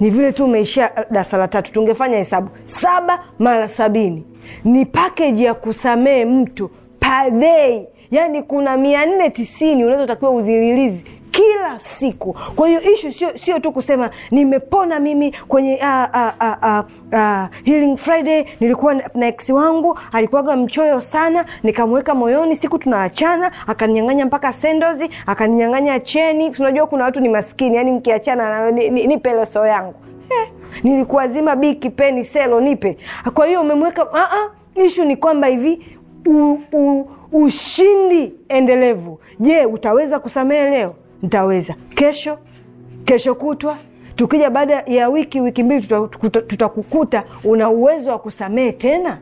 ni vile tu umeishia darasa la tatu, tungefanya hesabu saba mara sabini ni pakeji ya kusamehe mtu padei. Yaani kuna mia nne tisini unazotakiwa uzililizi kila siku. Kwa hiyo ishu sio sio tu kusema nimepona mimi kwenye a, ah, a, ah, a, ah, a, a, Healing Friday. Nilikuwa na ex wangu alikuwaga mchoyo sana, nikamweka moyoni, siku tunaachana akaninyang'anya mpaka sendozi, akaninyang'anya cheni. Unajua kuna watu ni maskini, yani mkiachana, nipe loso yangu eh, nilikuwa zima biki peni selo nipe. Kwa hiyo umemweka ishu ni kwamba hivi u, u, ushindi endelevu. Je, utaweza kusamehe leo? nitaweza kesho, kesho kutwa tukija baada ya wiki wiki mbili, tutakukuta una uwezo wa kusamehe tena.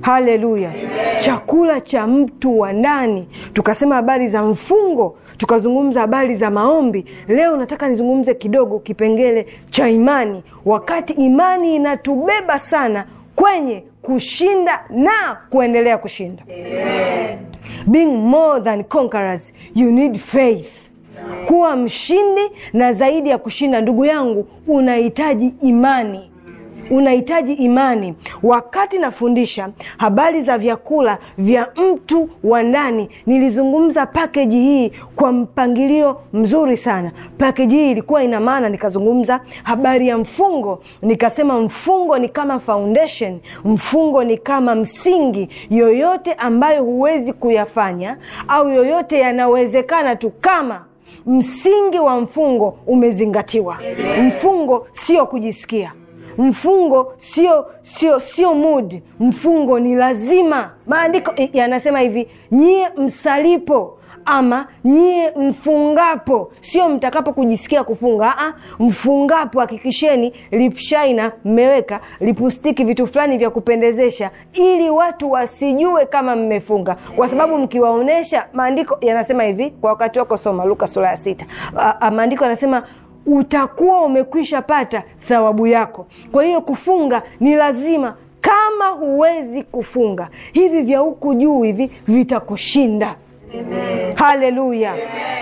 Haleluya! chakula cha mtu wa ndani. Tukasema habari za mfungo, tukazungumza habari za maombi. Leo nataka nizungumze kidogo kipengele cha imani, wakati imani inatubeba sana kwenye kushinda na kuendelea kushinda. Amen. Being more than conquerors, you need faith kuwa mshindi, na zaidi ya kushinda, ndugu yangu, unahitaji imani unahitaji imani. Wakati nafundisha habari za vyakula vya mtu wa ndani, nilizungumza pakeji hii kwa mpangilio mzuri sana. Pakeji hii ilikuwa ina maana, nikazungumza habari ya mfungo, nikasema mfungo ni kama foundation, mfungo ni kama msingi. Yoyote ambayo huwezi kuyafanya au yoyote yanawezekana tu kama msingi wa mfungo umezingatiwa. Mfungo sio kujisikia, mfungo sio sio sio mud mfungo ni lazima. Maandiko yanasema hivi, nyie msalipo ama nyie mfungapo, sio mtakapo kujisikia kufunga. Aa, ah, mfungapo hakikisheni lipshaina mmeweka lipustiki, vitu fulani vya kupendezesha, ili watu wasijue kama mmefunga, kwa sababu mkiwaonesha, maandiko yanasema hivi, kwa wakati wako soma Luka sura ya sita. Maandiko yanasema utakuwa umekwisha pata thawabu yako. Kwa hiyo kufunga ni lazima. Kama huwezi kufunga, hivi vya huku juu hivi vitakushinda. Haleluya!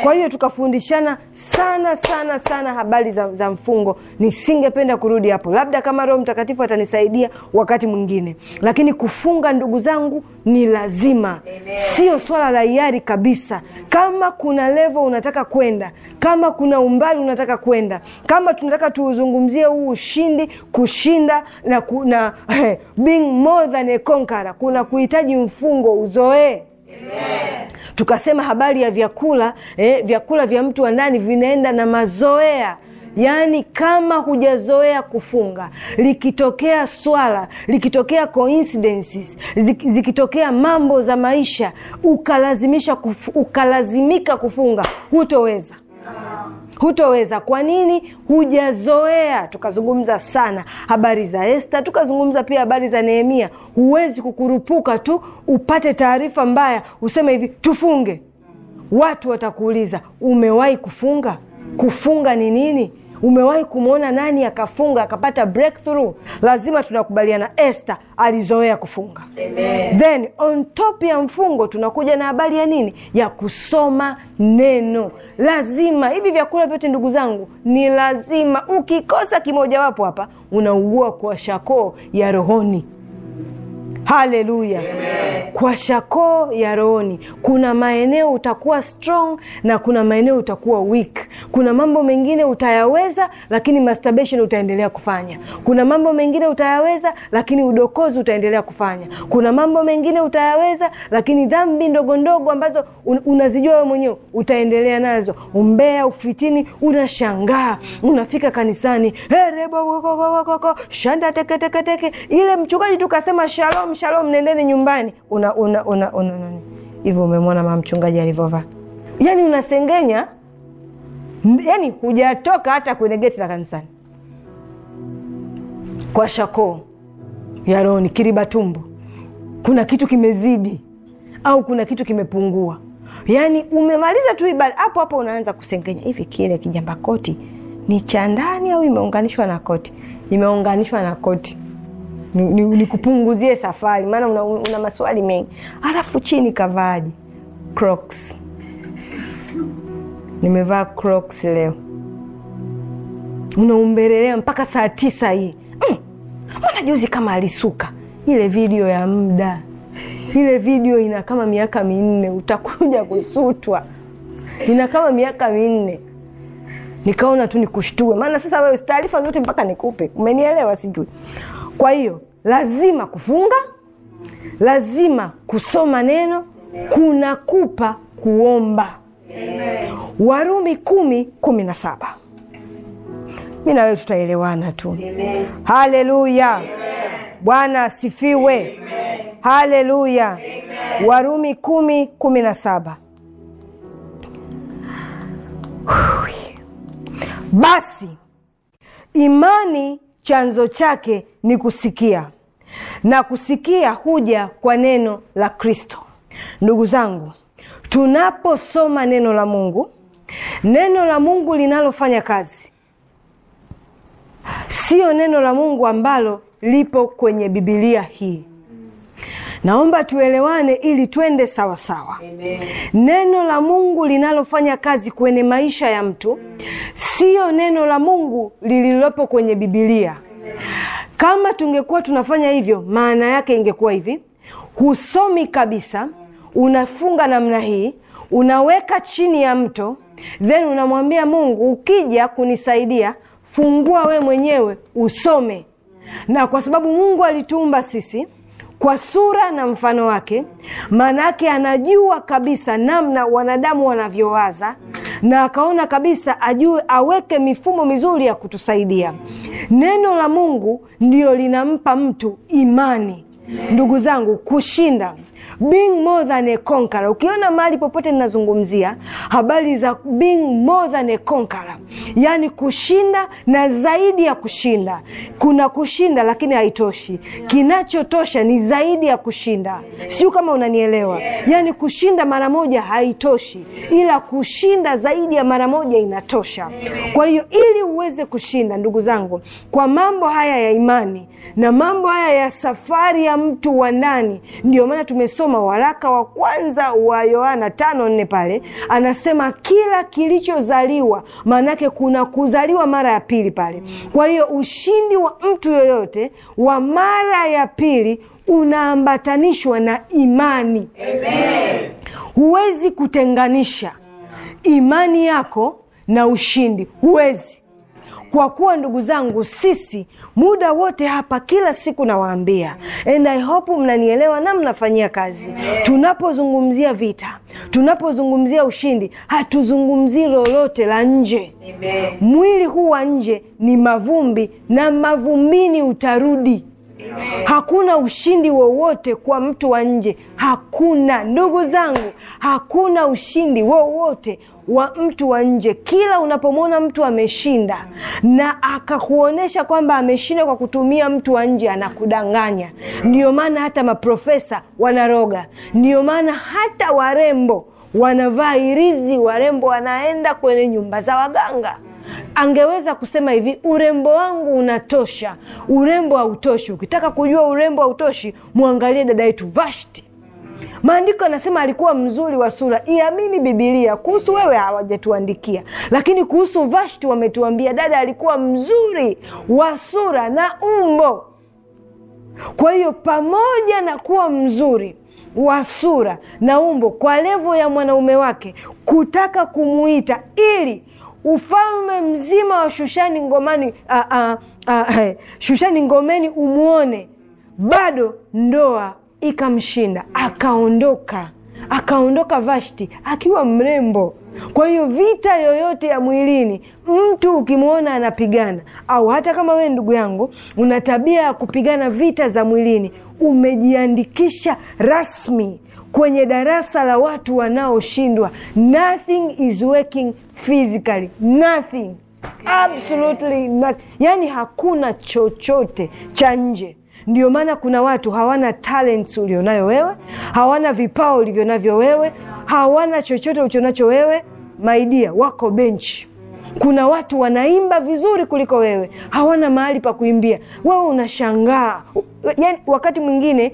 Kwa hiyo tukafundishana sana sana sana habari za, za mfungo. Nisingependa kurudi hapo, labda kama Roho Mtakatifu atanisaidia wakati mwingine, lakini kufunga, ndugu zangu, ni lazima Sio swala la hiari kabisa. Kama kuna levo unataka kwenda, kama kuna umbali unataka kwenda, kama tunataka tuuzungumzie huu ushindi, kushinda na, na being more than a conqueror, kuna kuhitaji mfungo uzoee Tukasema habari ya vyakula eh, vyakula vya mtu wa ndani vinaenda na mazoea Yaani, kama hujazoea kufunga, likitokea swala, likitokea coincidences, zikitokea mambo za maisha ukalazimisha kufu, ukalazimika kufunga, hutoweza hutoweza. Kwa nini? Hujazoea. Tukazungumza sana habari za Esta, tukazungumza pia habari za Nehemia. Huwezi kukurupuka tu upate taarifa mbaya useme hivi tufunge. Watu watakuuliza umewahi kufunga? Kufunga ni nini? Umewahi kumwona nani akafunga akapata breakthrough? Lazima tunakubaliana, Esther alizoea kufunga. Amen. Then on top ya mfungo tunakuja na habari ya nini? Ya kusoma neno. Lazima hivi vyakula vyote, ndugu zangu, ni lazima. Ukikosa kimojawapo hapa, unaugua kwa shakoo ya rohoni. Haleluya! Kwa shako ya rohoni kuna maeneo utakuwa strong na kuna maeneo utakuwa weak. Kuna mambo mengine utayaweza, lakini masturbation utaendelea kufanya. Kuna mambo mengine utayaweza, lakini udokozi utaendelea kufanya. Kuna mambo mengine utayaweza, lakini dhambi ndogo ndogo ambazo un unazijua we mwenyewe utaendelea nazo, umbea, ufitini. Unashangaa unafika kanisani, hey, rebo, shanda teketeketeke Ile mchungaji tukasema shalom shalom nendeni nyumbani, una una una una hivi, Umemwona mama mchungaji alivyovaa, yani unasengenya, yani hujatoka hata kwenye geti la kanisani kwa shako ya roho ni kiriba tumbo, kuna kitu kimezidi au kuna kitu kimepungua. Yani umemaliza tu ibada hapo hapo unaanza kusengenya, hivi kile kijamba koti ni cha ndani au imeunganishwa na koti? Imeunganishwa na koti nikupunguzie ni, ni safari, maana una, una maswali mengi. Halafu chini kavaaji Crocs. Nimevaa Crocs leo, unaumbelelea mpaka saa tisa hii mm. juzi kama alisuka ile video ya muda ile video ina kama miaka minne, utakuja kusutwa. Ina kama miaka minne. Nikaona tu nikushtue, maana sasa wewe taarifa zote mpaka nikupe, umenielewa? Sijui kwa hiyo lazima kufunga, lazima kusoma neno, kunakupa kuomba. Amen. Warumi kumi kumi na saba. Mi na wewe tutaelewana tu. Haleluya, Bwana asifiwe. Haleluya. Warumi kumi kumi na saba. Basi imani chanzo chake ni kusikia na kusikia huja kwa neno la Kristo. Ndugu zangu, tunaposoma neno la Mungu, neno la Mungu linalofanya kazi siyo neno la Mungu ambalo lipo kwenye Bibilia hii. Naomba tuelewane ili twende sawasawa. Neno la Mungu linalofanya kazi kwenye maisha ya mtu siyo neno la Mungu lililopo kwenye Bibilia. Kama tungekuwa tunafanya hivyo, maana yake ingekuwa hivi: husomi kabisa, unafunga namna hii, unaweka chini ya mto, then unamwambia Mungu, ukija kunisaidia, fungua wee mwenyewe usome. Na kwa sababu Mungu alituumba sisi kwa sura na mfano wake, maana yake anajua kabisa namna wanadamu wanavyowaza na akaona kabisa ajue aweke mifumo mizuri ya kutusaidia. Neno la Mungu ndio linampa mtu imani Ndugu zangu, kushinda, being more than a conqueror. Ukiona mali popote ninazungumzia habari za being more than a conqueror, yaani kushinda na zaidi ya kushinda. Kuna kushinda lakini haitoshi, kinachotosha ni zaidi ya kushinda. Sijui kama unanielewa, yaani kushinda mara moja haitoshi, ila kushinda zaidi ya mara moja inatosha. Kwa hiyo ili uweze kushinda, ndugu zangu, kwa mambo haya ya imani na mambo haya ya safari ya mtu wa ndani. Ndio maana tumesoma waraka wa kwanza wa Yohana tano nne pale anasema kila kilichozaliwa, maanake kuna kuzaliwa mara ya pili pale. Kwa hiyo ushindi wa mtu yoyote wa mara ya pili unaambatanishwa na imani. Amen. Huwezi kutenganisha imani yako na ushindi, huwezi kwa kuwa ndugu zangu, sisi muda wote hapa, kila siku nawaambia, and I hope mnanielewa na mnafanyia kazi. Tunapozungumzia vita, tunapozungumzia ushindi, hatuzungumzii lolote la nje. Mwili huu wa nje ni mavumbi, na mavumbini utarudi. Hakuna ushindi wowote kwa mtu wa nje, hakuna. Ndugu zangu, hakuna ushindi wowote wa mtu wa nje. Kila unapomwona mtu ameshinda na akakuonyesha kwamba ameshinda kwa kutumia mtu wa nje, anakudanganya. Ndiyo maana hata maprofesa wanaroga, ndiyo maana hata warembo wanavaa irizi, warembo wanaenda kwenye nyumba za waganga. Angeweza kusema hivi, urembo wangu unatosha. Urembo hautoshi. Ukitaka kujua urembo hautoshi, mwangalie dada yetu Vashti. Maandiko anasema alikuwa mzuri wa sura. Iamini Bibilia, kuhusu wewe hawajatuandikia, lakini kuhusu Vashti wametuambia dada alikuwa mzuri wa sura na umbo. Kwa hiyo pamoja na kuwa mzuri wa sura na umbo kwa levo ya mwanaume wake kutaka kumuita ili ufalme mzima wa Shushani ngomani a, a, a, he, Shushani ngomeni umwone, bado ndoa ikamshinda akaondoka akaondoka Vashti akiwa mrembo. Kwa hiyo vita yoyote ya mwilini, mtu ukimwona anapigana, au hata kama wewe ndugu yangu una tabia ya kupigana vita za mwilini, umejiandikisha rasmi kwenye darasa la watu wanaoshindwa. Nothing is working physically, nothing, absolutely not. Yani hakuna chochote cha nje ndio maana kuna watu hawana talent ulionayo wewe, hawana vipao ulivyonavyo wewe, hawana chochote ulichonacho wewe. Maidia wako benchi. Kuna watu wanaimba vizuri kuliko wewe, hawana mahali pa kuimbia, wewe unashangaa. Yani wakati mwingine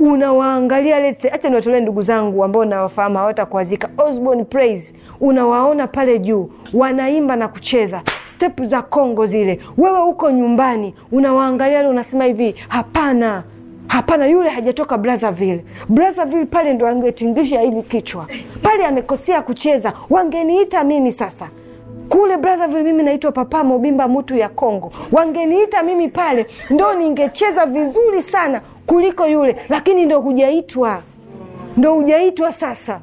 unawaangalia lete, hata niwatolee ndugu zangu ambao nawafahamu hawatakuazika, Osborne Praise, unawaona pale juu wanaimba na kucheza step za Kongo zile, wewe uko nyumbani unawaangalia leo, unasema hivi, hapana hapana, yule hajatoka Brazzaville. Brazzaville pale ndo angetingisha hivi kichwa pale, amekosea kucheza, wangeniita mimi sasa kule Brazzaville mimi naitwa Papa Mobimba Mutu ya Kongo, wangeniita mimi pale, ndo ningecheza vizuri sana kuliko yule, lakini ndo hujaitwa, ndo hujaitwa. Sasa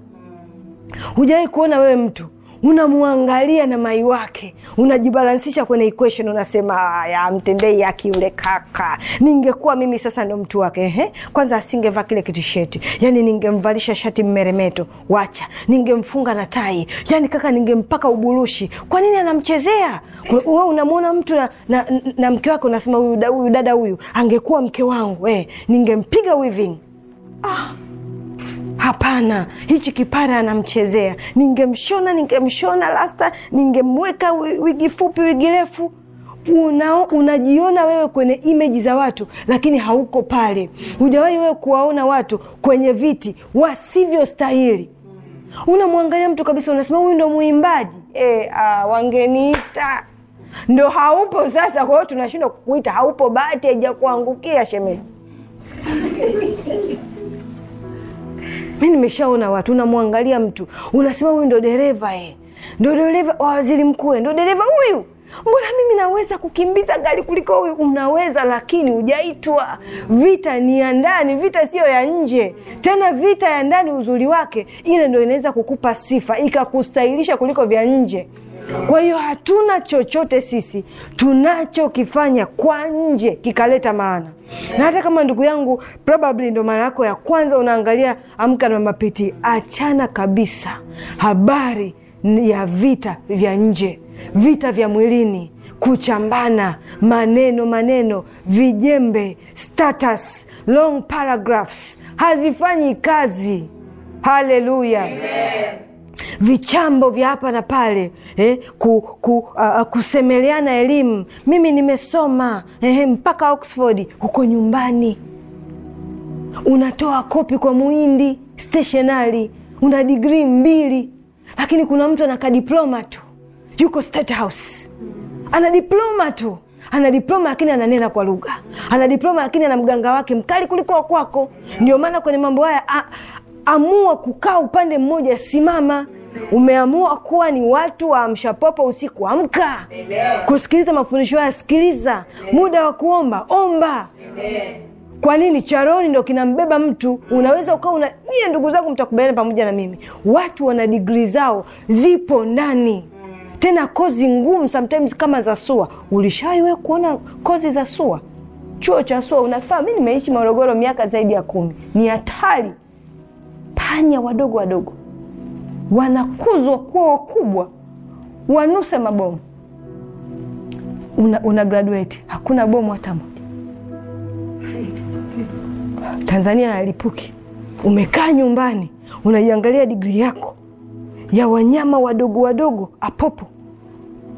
hujawai kuona wewe mtu unamwangalia na mai wake, unajibalansisha kwenye equation, unasema haya, mtendei haki yule kaka. Ningekuwa mimi sasa ndo mtu wake. Ehe, kwanza asingevaa kile kitisheti, yani ningemvalisha shati mmeremeto, wacha, ningemfunga na tai, yani kaka, ningempaka uburushi. Kwa nini anamchezea wewe? Unamwona mtu na, na, na mke wake, unasema huyu dada huyu angekuwa mke wangu eh, ningempiga weaving ah. Hapana, hichi kipara anamchezea. Ningemshona, ningemshona lasta, ningemweka wigi fupi, wigi refu. Una, unajiona wewe kwenye imeji za watu, lakini hauko pale. Hujawahi wewe kuwaona watu kwenye viti wasivyostahili. Unamwangalia mtu kabisa, unasema huyu ndo mwimbaji e, wangeniita ndo haupo sasa. Kwa hiyo tunashindwa kukuita, haupo, bahati haijakuangukia shemeji mi nimeshaona watu, unamwangalia mtu unasema huyu ndo dereva eh, ndo dereva wa waziri mkuu, eh. ndo dereva huyu Mbona mimi naweza kukimbiza gari kuliko huyu? Unaweza, lakini hujaitwa. Vita ni ya ndani, vita siyo ya nje. Tena vita ya ndani, uzuri wake ile ndo inaweza kukupa sifa ikakustahilisha kuliko vya nje. Kwa hiyo hatuna chochote sisi tunachokifanya kwa nje kikaleta maana, na hata kama ndugu yangu, probably ndo mara yako ya kwanza unaangalia Amka na Mapiti, achana kabisa habari ya vita vya nje, vita vya mwilini, kuchambana, maneno maneno, vijembe, status, long paragraphs hazifanyi kazi. Haleluya! vichambo vya hapa na pale eh, ku, ku, uh, kusemeleana elimu. Mimi nimesoma eh, mpaka Oxford huko nyumbani, unatoa kopi kwa muhindi stationari, una digrii mbili, lakini kuna mtu ana kadiploma tu, yuko State House, ana diploma tu, ana diploma lakini ananena kwa lugha, ana diploma lakini ana mganga wake mkali kuliko wakwako. Ndio maana kwenye mambo haya amua kukaa upande mmoja, simama. Umeamua kuwa ni watu wa mshapopo usiku, amka. Kusikiliza mafundisho haya, sikiliza. Muda wa kuomba, omba. Kwa nini charoni ndo kinambeba mtu? Unaweza ukawa una niye, ndugu zangu, mtakubaliana pamoja na mimi, watu wana digrii zao zipo ndani tena kozi ngumu sometimes kama za SUA. Ulishawahi kuona kozi za SUA? Chuo cha SUA unafaa. mi nimeishi Morogoro miaka zaidi ya kumi, ni hatari panya wadogo wadogo wanakuzwa kuwa wakubwa, wanuse mabomu. Una, una graduate hakuna bomu hata moja. Tanzania yalipuki Umekaa nyumbani unaiangalia digrii yako ya wanyama wadogo wadogo, apopo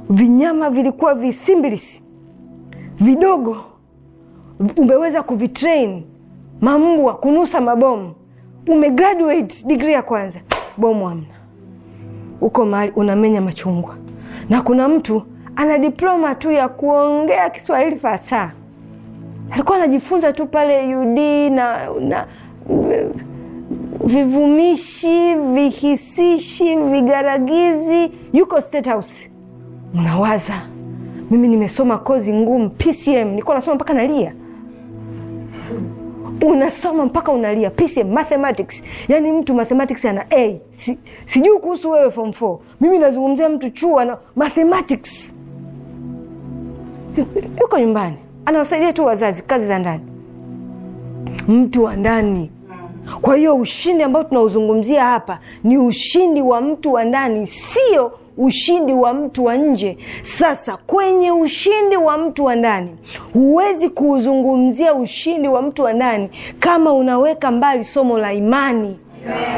vinyama vilikuwa visimbilisi vidogo, umeweza kuvitrain mambwa kunusa mabomu umegraduate degree ya kwanza, bomu hamna, uko mahali unamenya machungwa, na kuna mtu ana diploma tu ya kuongea Kiswahili fasaa alikuwa anajifunza tu pale UD na, na vivumishi, vihisishi, vigaragizi, yuko State House. Unawaza, mimi nimesoma kozi ngumu PCM, nilikuwa nasoma mpaka nalia unasoma mpaka unalia PCM mathematics, yani mtu mathematics ana A. Si, sijui kuhusu wewe form 4, mimi nazungumzia mtu chuo ana mathematics, yuko nyumbani anawasaidia tu wazazi kazi za ndani, mtu wa ndani. Kwa hiyo ushindi ambao tunauzungumzia hapa ni ushindi wa mtu wa ndani, sio ushindi wa mtu wa nje. Sasa kwenye ushindi wa mtu wa ndani, huwezi kuuzungumzia ushindi wa mtu wa ndani kama unaweka mbali somo la imani.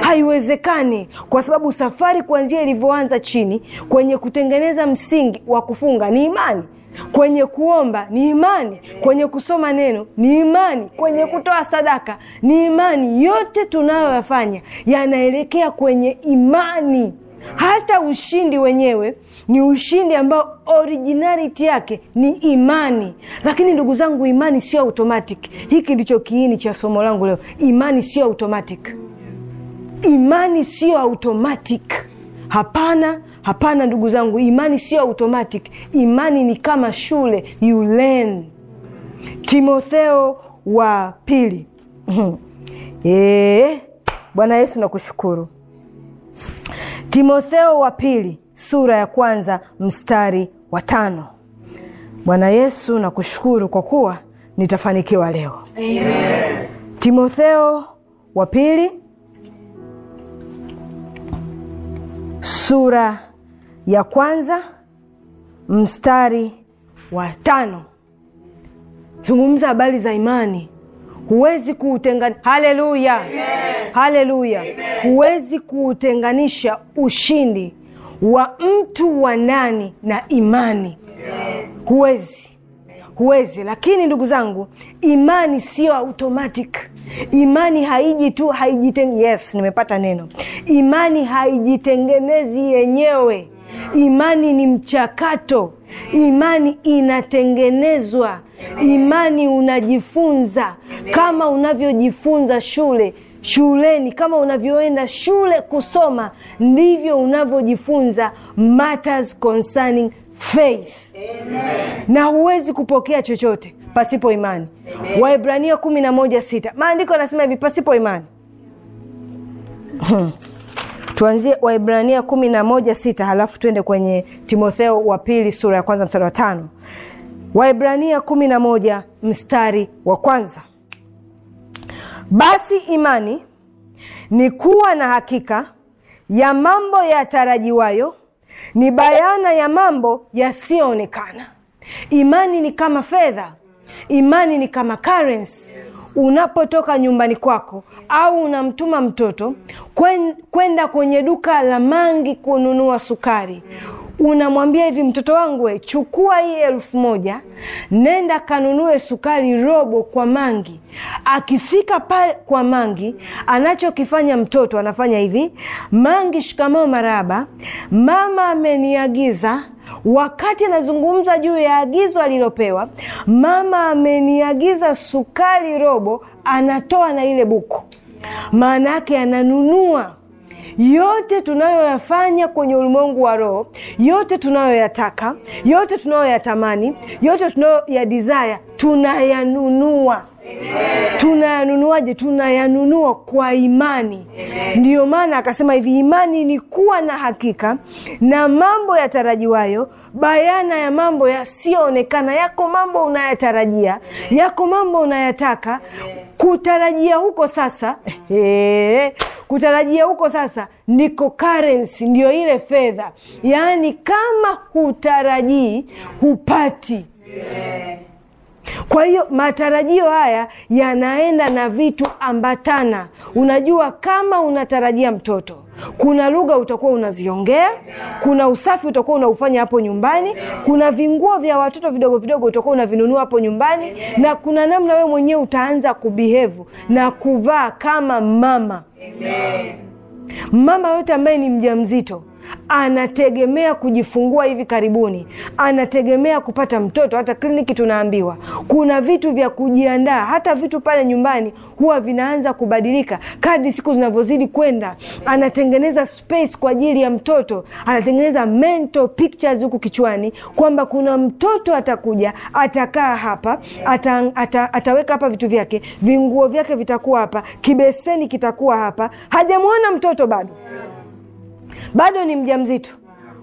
Haiwezekani, kwa sababu safari kuanzia ilivyoanza chini, kwenye kutengeneza msingi wa kufunga ni imani kwenye kuomba ni imani, kwenye kusoma neno ni imani, kwenye kutoa sadaka ni imani. Yote tunayoyafanya yanaelekea kwenye imani. Hata ushindi wenyewe ni ushindi ambao originality yake ni imani. Lakini ndugu zangu, imani sio automatic. Hiki ndicho kiini cha somo langu leo. Imani sio automatic, imani sio automatic. Hapana, hapana ndugu zangu, imani sio automatic. Imani ni kama shule, you learn. Timotheo wa pili. Eh, Bwana Yesu nakushukuru. Timotheo wa pili sura ya kwanza mstari wa tano. Bwana Yesu, nakushukuru kwa kuwa nitafanikiwa leo. Amen. Timotheo wa pili sura ya kwanza mstari wa tano. Zungumza habari za imani huwezi kuutenganisha haleluya haleluya huwezi kuutenganisha ushindi wa mtu wa nani na imani yeah. huwezi huwezi lakini ndugu zangu imani sio automatic imani haiji tu haijiten yes nimepata neno imani haijitengenezi yenyewe Imani ni mchakato, imani inatengenezwa, imani unajifunza kama unavyojifunza shule shuleni kama unavyoenda shule kusoma ndivyo unavyojifunza matters concerning faith. Amen. Na huwezi kupokea chochote pasipo imani. Waebrania kumi na moja sita maandiko anasema hivi pasipo imani tuanzie Waibrania kumi na moja sita halafu tuende kwenye Timotheo wa pili sura ya kwanza mstari wa tano Waibrania kumi na moja mstari wa kwanza basi imani ni kuwa na hakika ya mambo yatarajiwayo, ni bayana ya mambo yasiyoonekana. Imani ni kama fedha, imani ni kama currency unapotoka nyumbani kwako au unamtuma mtoto kwenda kwenye duka la mangi kununua sukari unamwambia hivi, mtoto wangu we, chukua hii elfu moja nenda kanunue sukari robo kwa mangi. Akifika pale kwa mangi, anachokifanya mtoto anafanya hivi, mangi, shikamao maraba, mama ameniagiza wakati anazungumza juu ya agizo alilopewa, mama ameniagiza sukari robo, anatoa na ile buku, maana yake ananunua yote tunayoyafanya kwenye ulimwengu wa roho, yote tunayoyataka, yote tunayoyatamani, yote tunayoyadisaya tunayanunua. Tunayanunuaje? Tunayanunua kwa imani. Ndiyo maana akasema hivi, imani ni kuwa na hakika na mambo yatarajiwayo, bayana ya mambo yasiyoonekana. Yako mambo unayatarajia, yako mambo unayataka kutarajia huko sasa. kutarajia huko sasa ndiko currency, ndiyo ile fedha. Yaani kama hutarajii hupati. Yeah. Kwa hiyo matarajio haya yanaenda na vitu ambatana. Unajua, kama unatarajia mtoto, kuna lugha utakuwa unaziongea, kuna usafi utakuwa unaufanya hapo nyumbani, kuna vinguo vya watoto vidogo vidogo utakuwa unavinunua hapo nyumbani, na kuna namna wewe mwenyewe utaanza kubihevu na kuvaa kama mama. Mama yote ambaye ni mjamzito anategemea kujifungua hivi karibuni, anategemea kupata mtoto. Hata kliniki tunaambiwa kuna vitu vya kujiandaa, hata vitu pale nyumbani huwa vinaanza kubadilika kadri siku zinavyozidi kwenda. Anatengeneza space kwa ajili ya mtoto, anatengeneza mental pictures huku kichwani kwamba kuna mtoto atakuja, atakaa hapa, ata, ata, ataweka hapa vitu vyake, vinguo vyake vitakuwa hapa, kibeseni kitakuwa hapa. Hajamwona mtoto bado bado ni mjamzito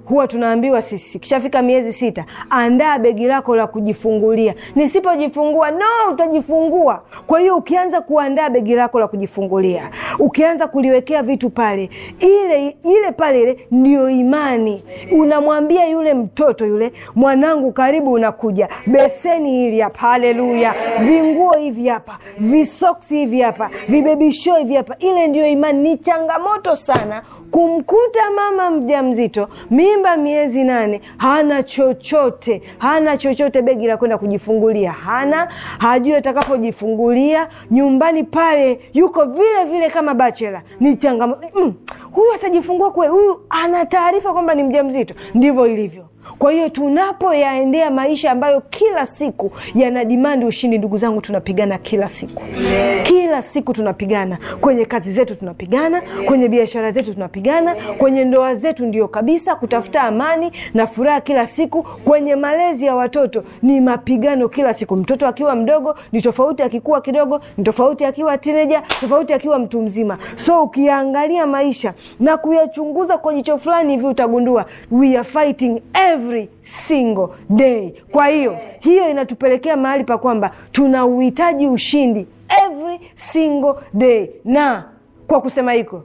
huwa tunaambiwa sisi kishafika miezi sita, andaa begi lako la kujifungulia. Nisipojifungua no, utajifungua. Kwa hiyo ukianza kuandaa begi lako la kujifungulia, ukianza kuliwekea vitu pale, ile ile pale, ile ndio imani. Unamwambia yule mtoto yule, mwanangu, karibu unakuja, beseni hili hapa, haleluya, vinguo hivi hapa, visoksi hivi hapa, vibebisho hivi hapa. Ile ndiyo imani. Ni changamoto sana kumkuta mama mjamzito, mimba miezi nane, hana chochote, hana chochote, begi la kwenda kujifungulia hana, hajui atakapojifungulia. Nyumbani pale yuko vile vile kama bachela, ni changamoto mm. Huyu atajifungua kweli? Huyu ana taarifa kwamba ni mjamzito? Ndivyo ilivyo. Kwa hiyo tunapoyaendea maisha ambayo kila siku yana dimandi ushindi, ndugu zangu, tunapigana kila siku yeah. Kila siku tunapigana kwenye kazi zetu, tunapigana kwenye biashara zetu, tunapigana kwenye ndoa zetu, ndio kabisa, kutafuta amani na furaha kila siku. Kwenye malezi ya watoto ni mapigano kila siku. Mtoto akiwa mdogo ni tofauti, akikuwa kidogo ni tofauti, akiwa tineja tofauti, akiwa mtu mzima. So ukiangalia maisha na kuyachunguza kwa jicho fulani hivi, utagundua we are fighting every every single day. Kwa hiyo hiyo inatupelekea mahali pa kwamba tuna uhitaji ushindi every single day, na kwa kusema hiko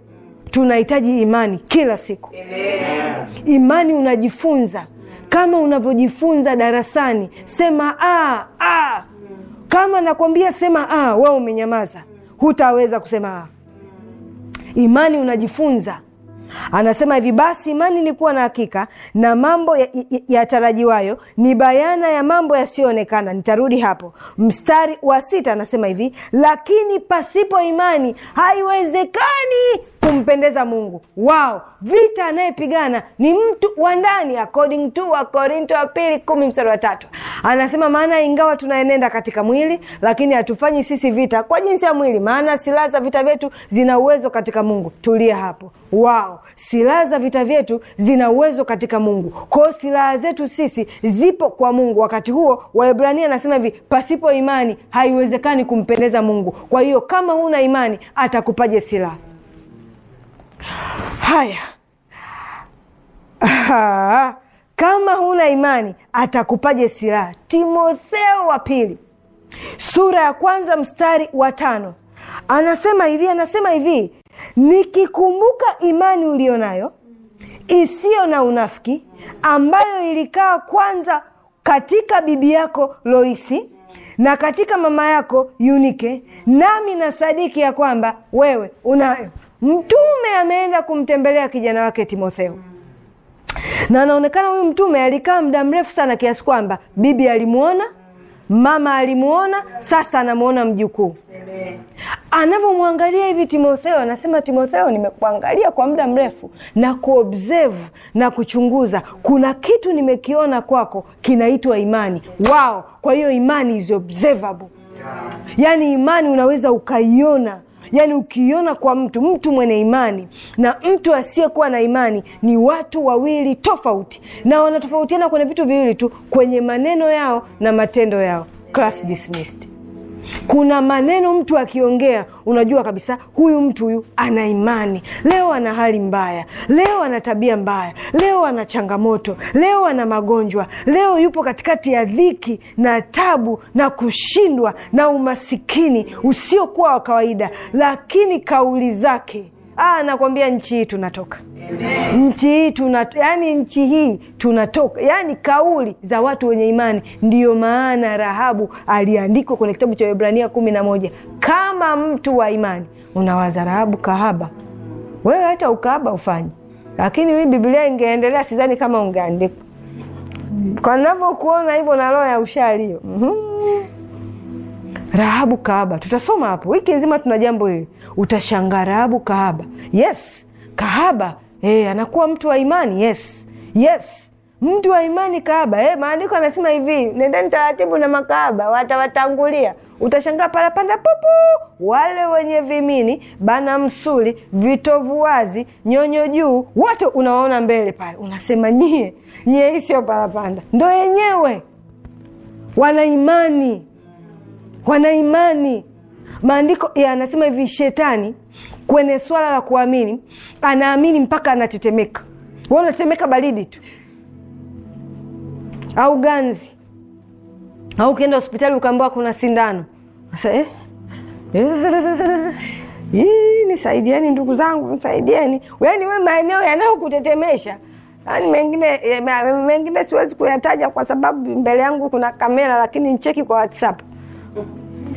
tunahitaji imani kila siku. Amen. Imani unajifunza kama unavyojifunza darasani, sema a a. Kama nakwambia sema a, wewe umenyamaza, hutaweza kusema a. Imani unajifunza anasema hivi basi imani ni kuwa na hakika na mambo yatarajiwayo ya, ya ni bayana ya mambo yasiyoonekana nitarudi hapo mstari wa sita anasema hivi lakini pasipo imani haiwezekani kumpendeza mungu wao vita anayepigana ni mtu wa ndani according to wakorinto wa pili kumi msari wa tatu anasema maana ingawa tunaenenda katika mwili lakini hatufanyi sisi vita kwa jinsi ya mwili maana silaha za vita vyetu zina uwezo katika mungu tulia hapo wao silaha za vita vyetu zina uwezo katika mungu kwao silaha zetu sisi zipo kwa mungu wakati huo waibrania anasema hivi pasipo imani haiwezekani kumpendeza mungu kwa hiyo kama huna imani atakupaje silaha Haya. Kama huna imani atakupaje silaha? Timotheo wa pili sura ya kwanza mstari wa tano anasema hivi, anasema hivi, nikikumbuka imani uliyo nayo isiyo na unafiki ambayo ilikaa kwanza katika bibi yako Loisi na katika mama yako Yunike, nami nasadiki ya kwamba wewe unayo. Mtume ameenda kumtembelea kijana wake Timotheo na anaonekana huyu mtume alikaa muda mrefu sana, kiasi kwamba bibi alimwona mama alimwona sasa anamwona mjukuu. Anavyomwangalia hivi Timotheo anasema, Timotheo, nimekuangalia kwa muda mrefu na kuobserve na kuchunguza, kuna kitu nimekiona kwako kinaitwa imani. Wao, kwa hiyo imani is observable, yaani imani unaweza ukaiona yaani ukiona kwa mtu mtu mwenye imani na mtu asiyekuwa na imani ni watu wawili tofauti, na wanatofautiana kwenye vitu viwili tu, kwenye maneno yao na matendo yao. Class dismissed. Kuna maneno mtu akiongea unajua kabisa huyu mtu huyu ana imani, leo ana hali mbaya, leo ana tabia mbaya, leo ana changamoto, leo ana magonjwa, leo yupo katikati ya dhiki na tabu na kushindwa na umasikini usiokuwa wa kawaida, lakini kauli zake, anakwambia ah, nchi hii tunatoka nchi hii tuna, yani nchi hii tunatoka, yani kauli za watu wenye imani. Ndiyo maana Rahabu aliandikwa kwenye kitabu cha Waebrania kumi na moja kama mtu wa imani. Unawaza Rahabu kahaba? Wewe hata ukahaba ufanye, lakini hii Biblia ingeendelea, sidhani kama ungeandikwa kwa navyokuona hivyo na roho ya ushalio mm -hmm. Rahabu kahaba, tutasoma hapo wiki nzima, tuna jambo hili. Utashangaa Rahabu kahaba, yes kahaba e, anakuwa mtu wa imani yes yes mtu wa imani kahaba e, eh, maandiko anasema hivi nendeni taratibu na makaaba watawatangulia utashangaa parapanda popo wale wenye vimini bana msuli vitovu wazi nyonyo juu wote unawaona mbele pale unasema nyie nyie hii sio parapanda ndo yenyewe wana imani wana imani maandiko anasema hivi shetani kwenye swala la kuamini, anaamini mpaka anatetemeka. Wewe unatetemeka baridi tu au ganzi, au ukienda hospitali ukaambiwa kuna sindano. Sasa eh, nisaidieni ndugu zangu, nisaidieni. Yaani we maeneo yanayokutetemesha yaani mengine eh, mengine siwezi kuyataja kwa sababu mbele yangu kuna kamera, lakini ncheki kwa WhatsApp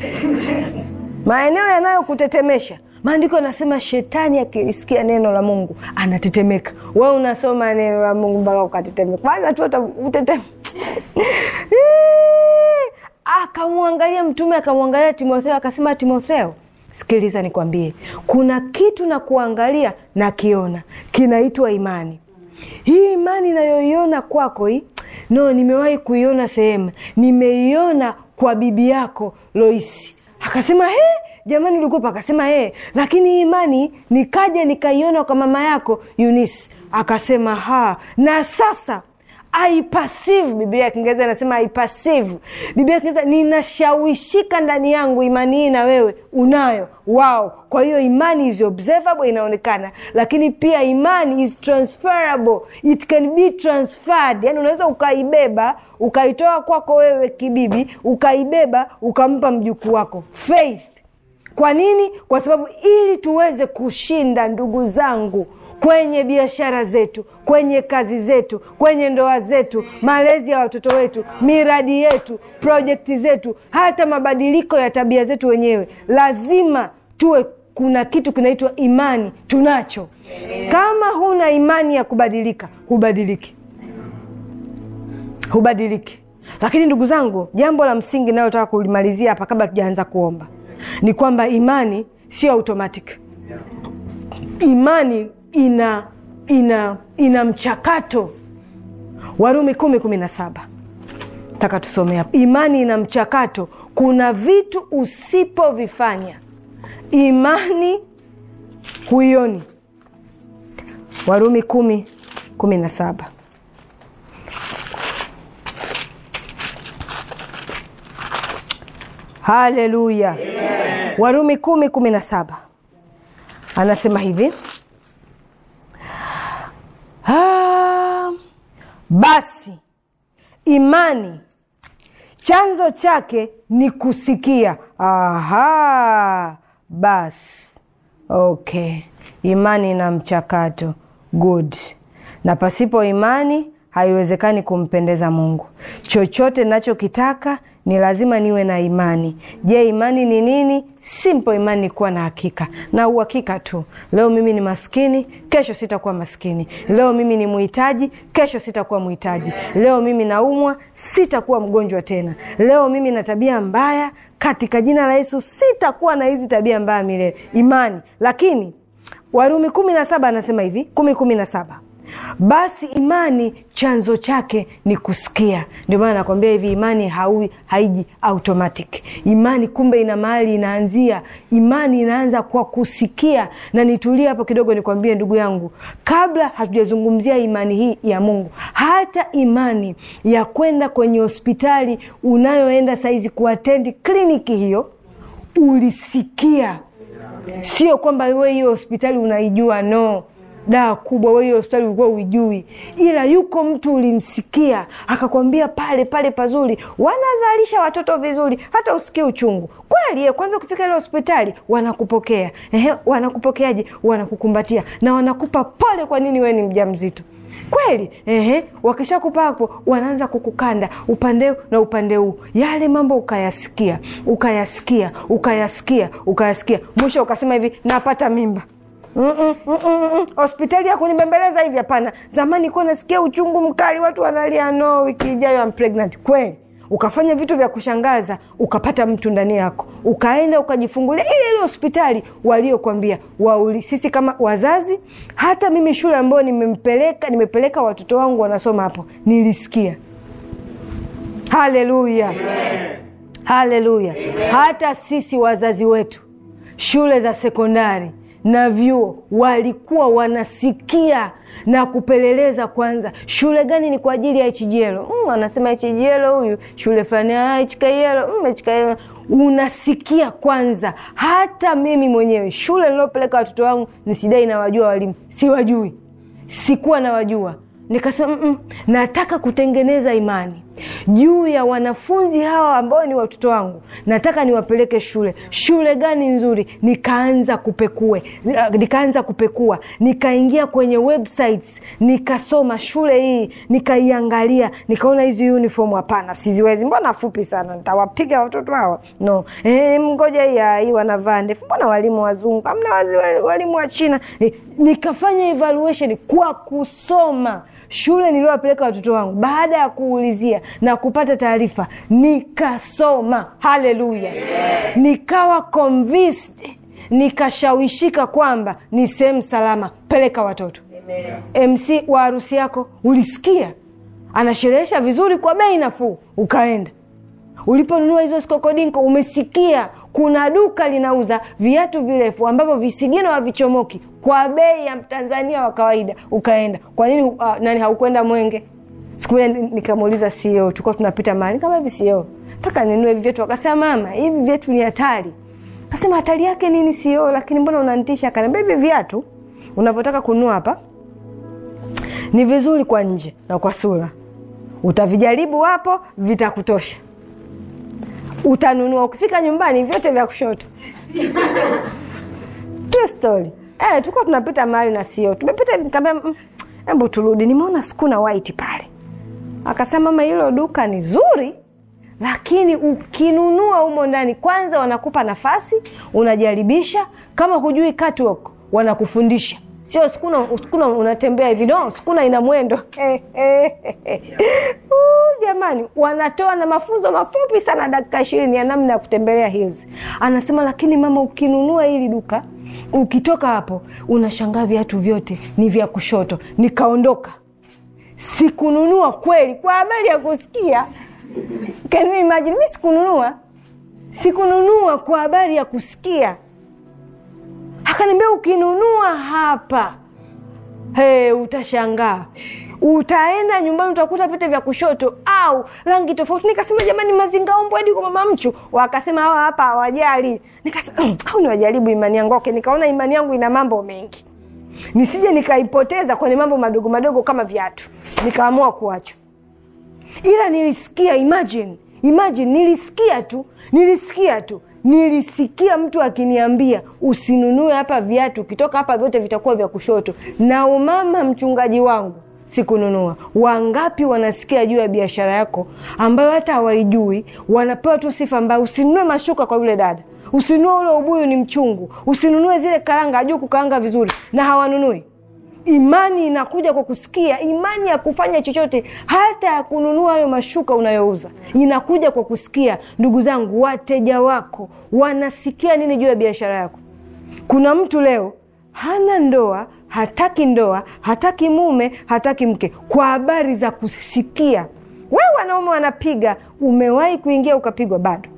maeneo yanayokutetemesha Maandiko anasema shetani akisikia neno la Mungu anatetemeka. We unasoma neno la Mungu mpaka ukatetemeka, kwanza tu utetem akamwangalia mtume, akamwangalia Timotheo, akasema Timotheo, sikiliza nikwambie, kuna kitu na kuangalia nakiona kinaitwa imani. Hii imani inayoiona kwako hii, no, nimewahi kuiona sehemu, nimeiona kwa bibi yako Loisi. Akasema hey, jamani, ulikuwa akasema yeye, eh, lakini imani nikaja nikaiona kwa mama yako yunis Akasema ha, na sasa aipasivu Biblia ya Kiingereza inasema aipasivu. Biblia ya ninashawishika ndani yangu, imani hii na wewe unayo wao. Kwa hiyo imani is observable, inaonekana, lakini pia imani is transferable, it can be transferred. Yani unaweza ukaibeba ukaitoa kwako wewe kibibi, ukaibeba ukampa mjukuu wako. Faith kwa nini? Kwa sababu ili tuweze kushinda, ndugu zangu, kwenye biashara zetu, kwenye kazi zetu, kwenye ndoa zetu, malezi ya watoto wetu, miradi yetu, projekti zetu, hata mabadiliko ya tabia zetu wenyewe, lazima tuwe kuna kitu kinaitwa imani. Tunacho. Kama huna imani ya kubadilika, hubadiliki, hubadiliki. Lakini ndugu zangu, jambo la msingi nayotaka kulimalizia hapa kabla tujaanza kuomba ni kwamba imani sio automatic. Imani ina ina ina mchakato. Warumi kumi kumi na saba taka tusomea. Imani ina mchakato, kuna vitu usipovifanya imani huioni. Warumi kumi kumi na saba. Haleluya! Warumi kumi kumi na saba anasema hivi ah, basi imani chanzo chake ni kusikia. Aha, basi okay, imani na mchakato good, na pasipo imani haiwezekani kumpendeza Mungu. Chochote nachokitaka ni lazima niwe na imani. Je, imani ni nini? Simple, imani ni kuwa na hakika na uhakika tu. Leo mimi ni maskini, kesho sitakuwa maskini. Leo mimi ni muhitaji, kesho sitakuwa muhitaji. Leo mimi naumwa, sitakuwa mgonjwa tena. Leo mimi na tabia mbaya, katika jina la Yesu sitakuwa na hizi tabia mbaya milele. Imani. Lakini Warumi kumi na saba anasema hivi, kumi kumi na saba basi imani chanzo chake ni kusikia. Ndio maana nakwambia hivi, imani haui haiji automatic. Imani kumbe ina mahali inaanzia. Imani inaanza kwa kusikia. Na nitulie hapo kidogo, nikwambie ndugu yangu, kabla hatujazungumzia imani hii ya Mungu, hata imani ya kwenda kwenye hospitali unayoenda saizi kuatendi kliniki hiyo, ulisikia. Sio kwamba wewe hiyo hospitali unaijua, no da kubwa, wewe hospitali ulikuwa uijui, ila yuko mtu ulimsikia akakwambia pale pale pazuri wanazalisha watoto vizuri, hata usikie uchungu kweli. kwanza ukifika ile hospitali wanakupokea. Ehe, wanakupokeaje? Wanakukumbatia na wanakupa pole, kwa nini wewe ni mjamzito kweli ehe. Wakishakupa hapo, wanaanza kukukanda upande na upande huu, yale mambo ukayasikia, ukayasikia, ukayasikia, ukayasikia, mwisho ukasema hivi, napata mimba hospitali ya kunibembeleza hivi? Hapana. Zamani kuwa nasikia uchungu mkali, watu wanalia, no, wiki ijayo am pregnant. Kweli ukafanya vitu vya kushangaza, ukapata mtu ndani yako, ukaenda ukajifungulia ile ile hospitali waliokwambia wauli. Sisi kama wazazi, hata mimi shule ambayo nimempeleka nimepeleka watoto wangu wanasoma hapo, nilisikia haleluya, haleluya. Hata sisi wazazi wetu shule za sekondari na vyuo walikuwa wanasikia na kupeleleza kwanza, shule gani ni kwa ajili ya hichijielo. Mm, anasema hichijielo huyu shule fulani ah, hichikaielo, mm, hichikaielo. Unasikia kwanza. Hata mimi mwenyewe shule niliopeleka watoto wangu nisidai nawajua walimu, siwajui, sikuwa nawajua nikasema mm -mm, nataka kutengeneza imani juu ya wanafunzi hawa ambao ni watoto wangu, nataka niwapeleke shule. Shule gani nzuri? Nikaanza kupekue, nikaanza kupekua, nikaingia kwenye websites, nikasoma shule hii, nikaiangalia, nikaona hizi uniform, hapana, siziwezi, mbona fupi sana, nitawapiga watoto hawa no. E, ngoja hii hii wanavaa ndefu, mbona walimu wazungu amna walimu wa China. Eh, nikafanya evaluation kwa kusoma shule niliyowapeleka watoto wangu, baada ya kuulizia na kupata taarifa, nikasoma. Haleluya! nikawa convinced, nikashawishika kwamba ni sehemu salama, peleka watoto Amen. MC wa harusi yako ulisikia anasherehesha vizuri kwa bei nafuu, ukaenda uliponunua hizo skokodinko, umesikia kuna duka linauza viatu virefu ambavyo visigino havichomoki kwa bei ya mtanzania wa kawaida, ukaenda. Kwa nini uh, nani haukwenda Mwenge? Siku moja nikamuuliza sio e tulikuwa tunapita mahali kama hivi, sio e mpaka ninunue hivi vyetu. Akasema mama, hivi vyetu ni hatari. kasema hatari yake nini sio e Lakini mbona unanitisha? Akaniambia hivi viatu unavyotaka kununua hapa ni vizuri kwa nje na kwa sura, utavijaribu hapo, vitakutosha utanunua ukifika nyumbani vyote vya kushoto true story eh, tulikuwa tunapita mahali na sio tumepita nikamwambia mm, hebu turudi nimeona na white pale akasema mama hilo duka ni zuri lakini ukinunua humo ndani kwanza wanakupa nafasi unajaribisha kama hujui catwalk wanakufundisha sio sukuna, sukuna unatembea hivi no, sukuna ina mwendo eh, eh, eh. jamani. Wanatoa na mafunzo mafupi sana dakika ishirini ya namna ya kutembelea hills. Anasema lakini mama, ukinunua hili duka, ukitoka hapo unashangaa viatu vyote ni vya kushoto. Nikaondoka sikununua kweli, kwa habari ya kusikia. Can you imagine? Mi sikununua, sikununua kwa habari ya kusikia Akaniambia ukinunua hapa hey, utashangaa utaenda nyumbani utakuta vitu vya kushoto au rangi tofauti. Nikasema jamani, ombo hadi kwa mama mchu. Wakasema hawa hapa hawajali. Nikasema hmm, au niwajaribu imani yangu. Okay, nikaona imani yangu ina mambo mengi, nisije nikaipoteza kwenye mambo madogo madogo kama viatu, nikaamua kuacha. Ila nilisikia imagine, imagine, nilisikia tu, nilisikia tu nilisikia mtu akiniambia usinunue hapa viatu, ukitoka hapa vyote vitakuwa vya kushoto. Na umama mchungaji wangu sikununua. Wangapi wanasikia juu ya biashara yako ambayo hata hawaijui, wanapewa tu sifa ambayo, usinunue mashuka kwa yule dada, usinunue ule ubuyu, ni mchungu, usinunue zile karanga, ajuu kukaanga vizuri, na hawanunui. Imani inakuja kwa kusikia, imani ya kufanya chochote, hata ya kununua hayo mashuka unayouza inakuja kwa kusikia. Ndugu zangu, wateja wako wanasikia nini juu ya biashara yako? Kuna mtu leo hana ndoa, hataki ndoa, hataki mume, hataki mke, kwa habari za kusikia. Wewe wanaume wanapiga, umewahi kuingia ukapigwa? Bado.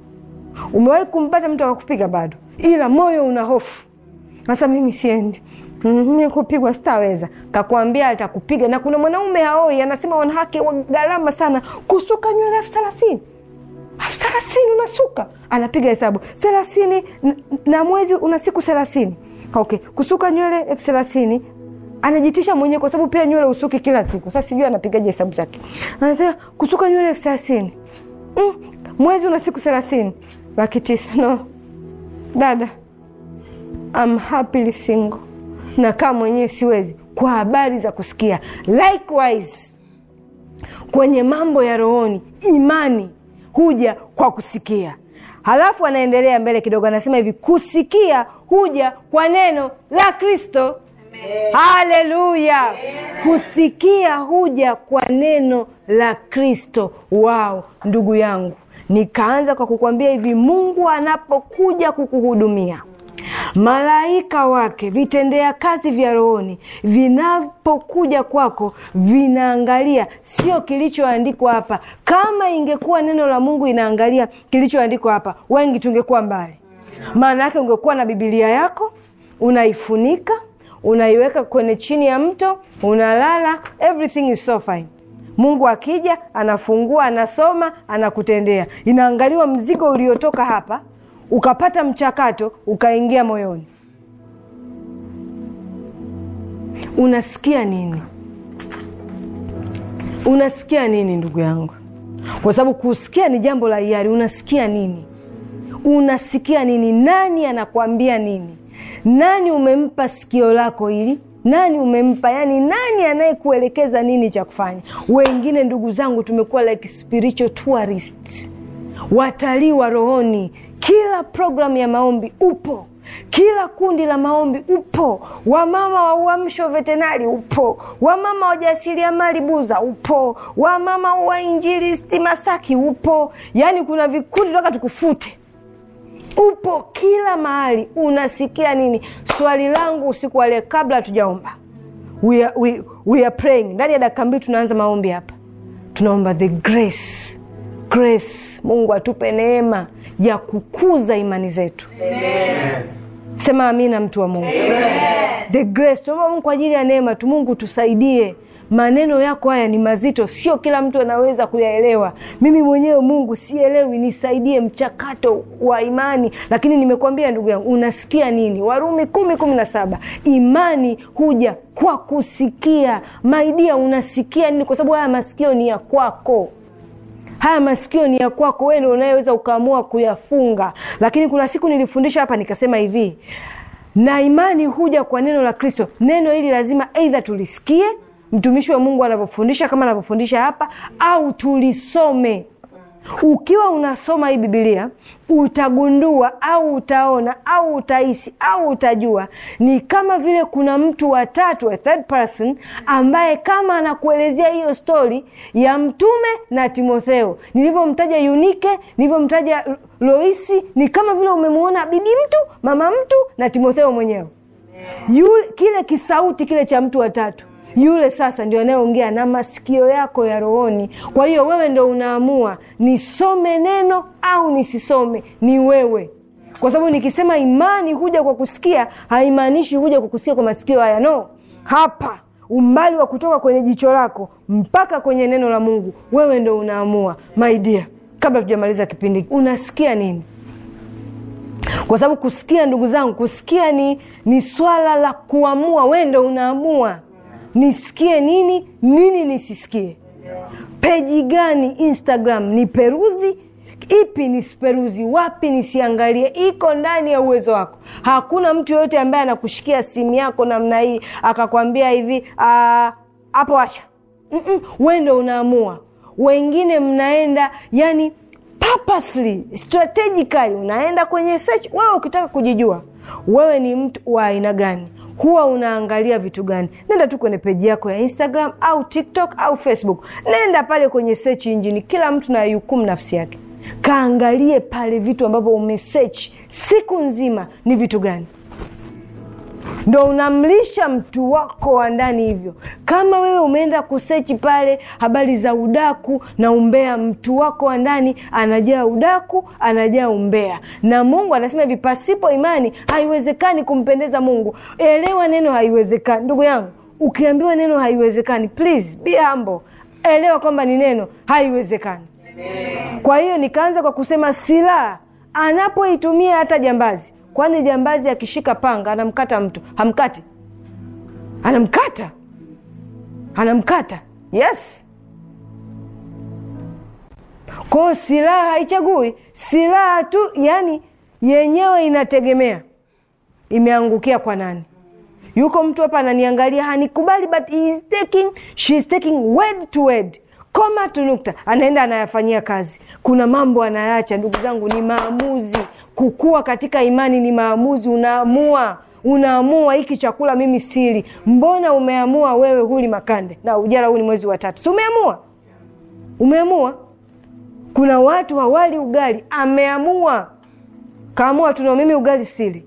Umewahi kumpata mtu akakupiga? Bado. Ila moyo una hofu, sasa mimi siendi mi kupigwa sitaweza. kakwambia atakupiga. Na kuna mwanaume haoi, anasema wanawake wa gharama sana kusuka nywele elfu thelathini elfu thelathini unasuka, anapiga hesabu thelathini na mwezi una siku thelathini okay. kusuka nywele elfu thelathini anajitisha mwenyewe kwa sababu pia nywele usuki kila siku. Sasa sijui anapigaje hesabu zake. Anasema kusuka nywele elfu thelathini mm, mwezi una siku thelathini laki tisa. No dada, I'm happily single na kama mwenyewe siwezi, kwa habari za kusikia. Likewise, kwenye mambo ya rohoni, imani huja kwa kusikia. Halafu anaendelea mbele kidogo, anasema hivi, kusikia huja kwa neno la Kristo. Haleluya! Kusikia huja kwa neno la Kristo. Wao ndugu yangu, nikaanza kwa kukwambia hivi, Mungu anapokuja kukuhudumia malaika wake, vitendea kazi vya rohoni vinapokuja kwako vinaangalia, sio kilichoandikwa hapa. Kama ingekuwa neno la Mungu inaangalia kilichoandikwa hapa, wengi tungekuwa mbali. Maana yake ungekuwa na Bibilia yako unaifunika, unaiweka kwenye chini ya mto, unalala, everything is so fine. Mungu akija, anafungua, anasoma, anakutendea. Inaangaliwa mzigo uliotoka hapa ukapata mchakato ukaingia moyoni, unasikia nini? Unasikia nini, ndugu yangu? Kwa sababu kusikia ni jambo la hiari. Unasikia nini? Unasikia nini? Nani anakuambia nini? Nani umempa sikio lako hili? Nani umempa yani, nani anayekuelekeza nini cha kufanya? Wengine ndugu zangu, tumekuwa like spiritual tourist, watalii wa rohoni kila programu ya maombi upo, kila kundi la maombi upo, wamama wa uamsho vetenari upo, wamama mali Buza upo, wamama wa injilisti Masaki upo. Yaani kuna vikundi toka tukufute upo kila mahali. Unasikia nini? Swali langu usiku wa leo, kabla hatujaomba, we are, we, we are praying. Ndani ya dakika mbili tunaanza maombi hapa, tunaomba the grace, grace. Mungu atupe neema ya kukuza imani zetu Amen. Sema amina, mtu wa Mungu Amen. The grace tunaomba Mungu kwa ajili ya neema tu. Mungu tusaidie, maneno yako haya ni mazito, sio kila mtu anaweza kuyaelewa. Mimi mwenyewe Mungu sielewi, nisaidie mchakato wa imani. Lakini nimekuambia ndugu yangu, unasikia nini? Warumi kumi kumi na saba imani huja kwa kusikia. Maidia, unasikia nini? Kwa sababu haya masikio ni ya kwako haya masikio ni ya kwako wewe unayeweza ukaamua kuyafunga lakini kuna siku nilifundisha hapa nikasema hivi na imani huja kwa neno la kristo neno hili lazima eidha tulisikie mtumishi wa mungu anavyofundisha kama anavyofundisha hapa au tulisome ukiwa unasoma hii Bibilia utagundua au utaona au utahisi au utajua ni kama vile kuna mtu watatu wa third person ambaye kama anakuelezea hiyo stori ya mtume na Timotheo, nilivyomtaja Unike, nilivyomtaja Loisi, ni kama vile umemwona bibi mtu, mama mtu na Timotheo mwenyewe, yule kile kisauti kile cha mtu watatu yule sasa ndio anayeongea na masikio yako ya rohoni. Kwa hiyo wewe ndo unaamua nisome neno au nisisome, ni wewe kwa sababu nikisema imani huja kwa kusikia, haimaanishi huja kwa kusikia kwa masikio haya. No, hapa umbali wa kutoka kwenye jicho lako mpaka kwenye neno la Mungu, wewe ndo unaamua. maidia kabla tujamaliza kipindi, unasikia nini? Kwa sababu kusikia, ndugu zangu, kusikia ni, ni swala la kuamua. Wewe ndo unaamua nisikie nini nini nisisikie, peji gani Instagram ni peruzi ipi nisiperuzi, wapi nisiangalie, iko ndani ya uwezo wako. Hakuna mtu yoyote ambaye anakushikia simu yako namna hii akakwambia hivi ah, hapo, washa. wendo ndo unaamua. Wengine mnaenda yani purposely, strategically, unaenda kwenye search. Wewe ukitaka kujijua wewe ni mtu wa aina gani huwa unaangalia vitu gani? Nenda tu kwenye peji yako ya Instagram au TikTok au Facebook, nenda pale kwenye search engine. Kila mtu na yukumu nafsi yake, kaangalie pale vitu ambavyo umesearch siku nzima ni vitu gani ndo unamlisha mtu wako wa ndani hivyo. Kama wewe umeenda kusechi pale habari za udaku na umbea, mtu wako wa ndani anajaa udaku, anajaa umbea, na Mungu anasema hivi, pasipo imani haiwezekani kumpendeza Mungu. Elewa neno haiwezekani, ndugu yangu. Ukiambiwa neno haiwezekani, please be humble, elewa kwamba ni neno haiwezekani. Kwa hiyo nikaanza kwa kusema silaha anapoitumia hata jambazi Kwani jambazi akishika panga anamkata mtu? Hamkati, anamkata, anamkata. Yes, kwayo silaha haichagui silaha tu, yani yenyewe inategemea imeangukia kwa nani. Yuko mtu hapa ananiangalia, hanikubali, but he is taking, she is taking word to word koma tunukta, anaenda anayafanyia kazi. Kuna mambo anayaacha, ndugu zangu, ni maamuzi. Kukua katika imani ni maamuzi. Unaamua, unaamua hiki chakula mimi sili. Mbona umeamua wewe huli makande na ujara huu ni mwezi wa tatu, umeamua? Umeamua. Kuna watu hawali ugali, ameamua kaamua tu, mimi ugali sili.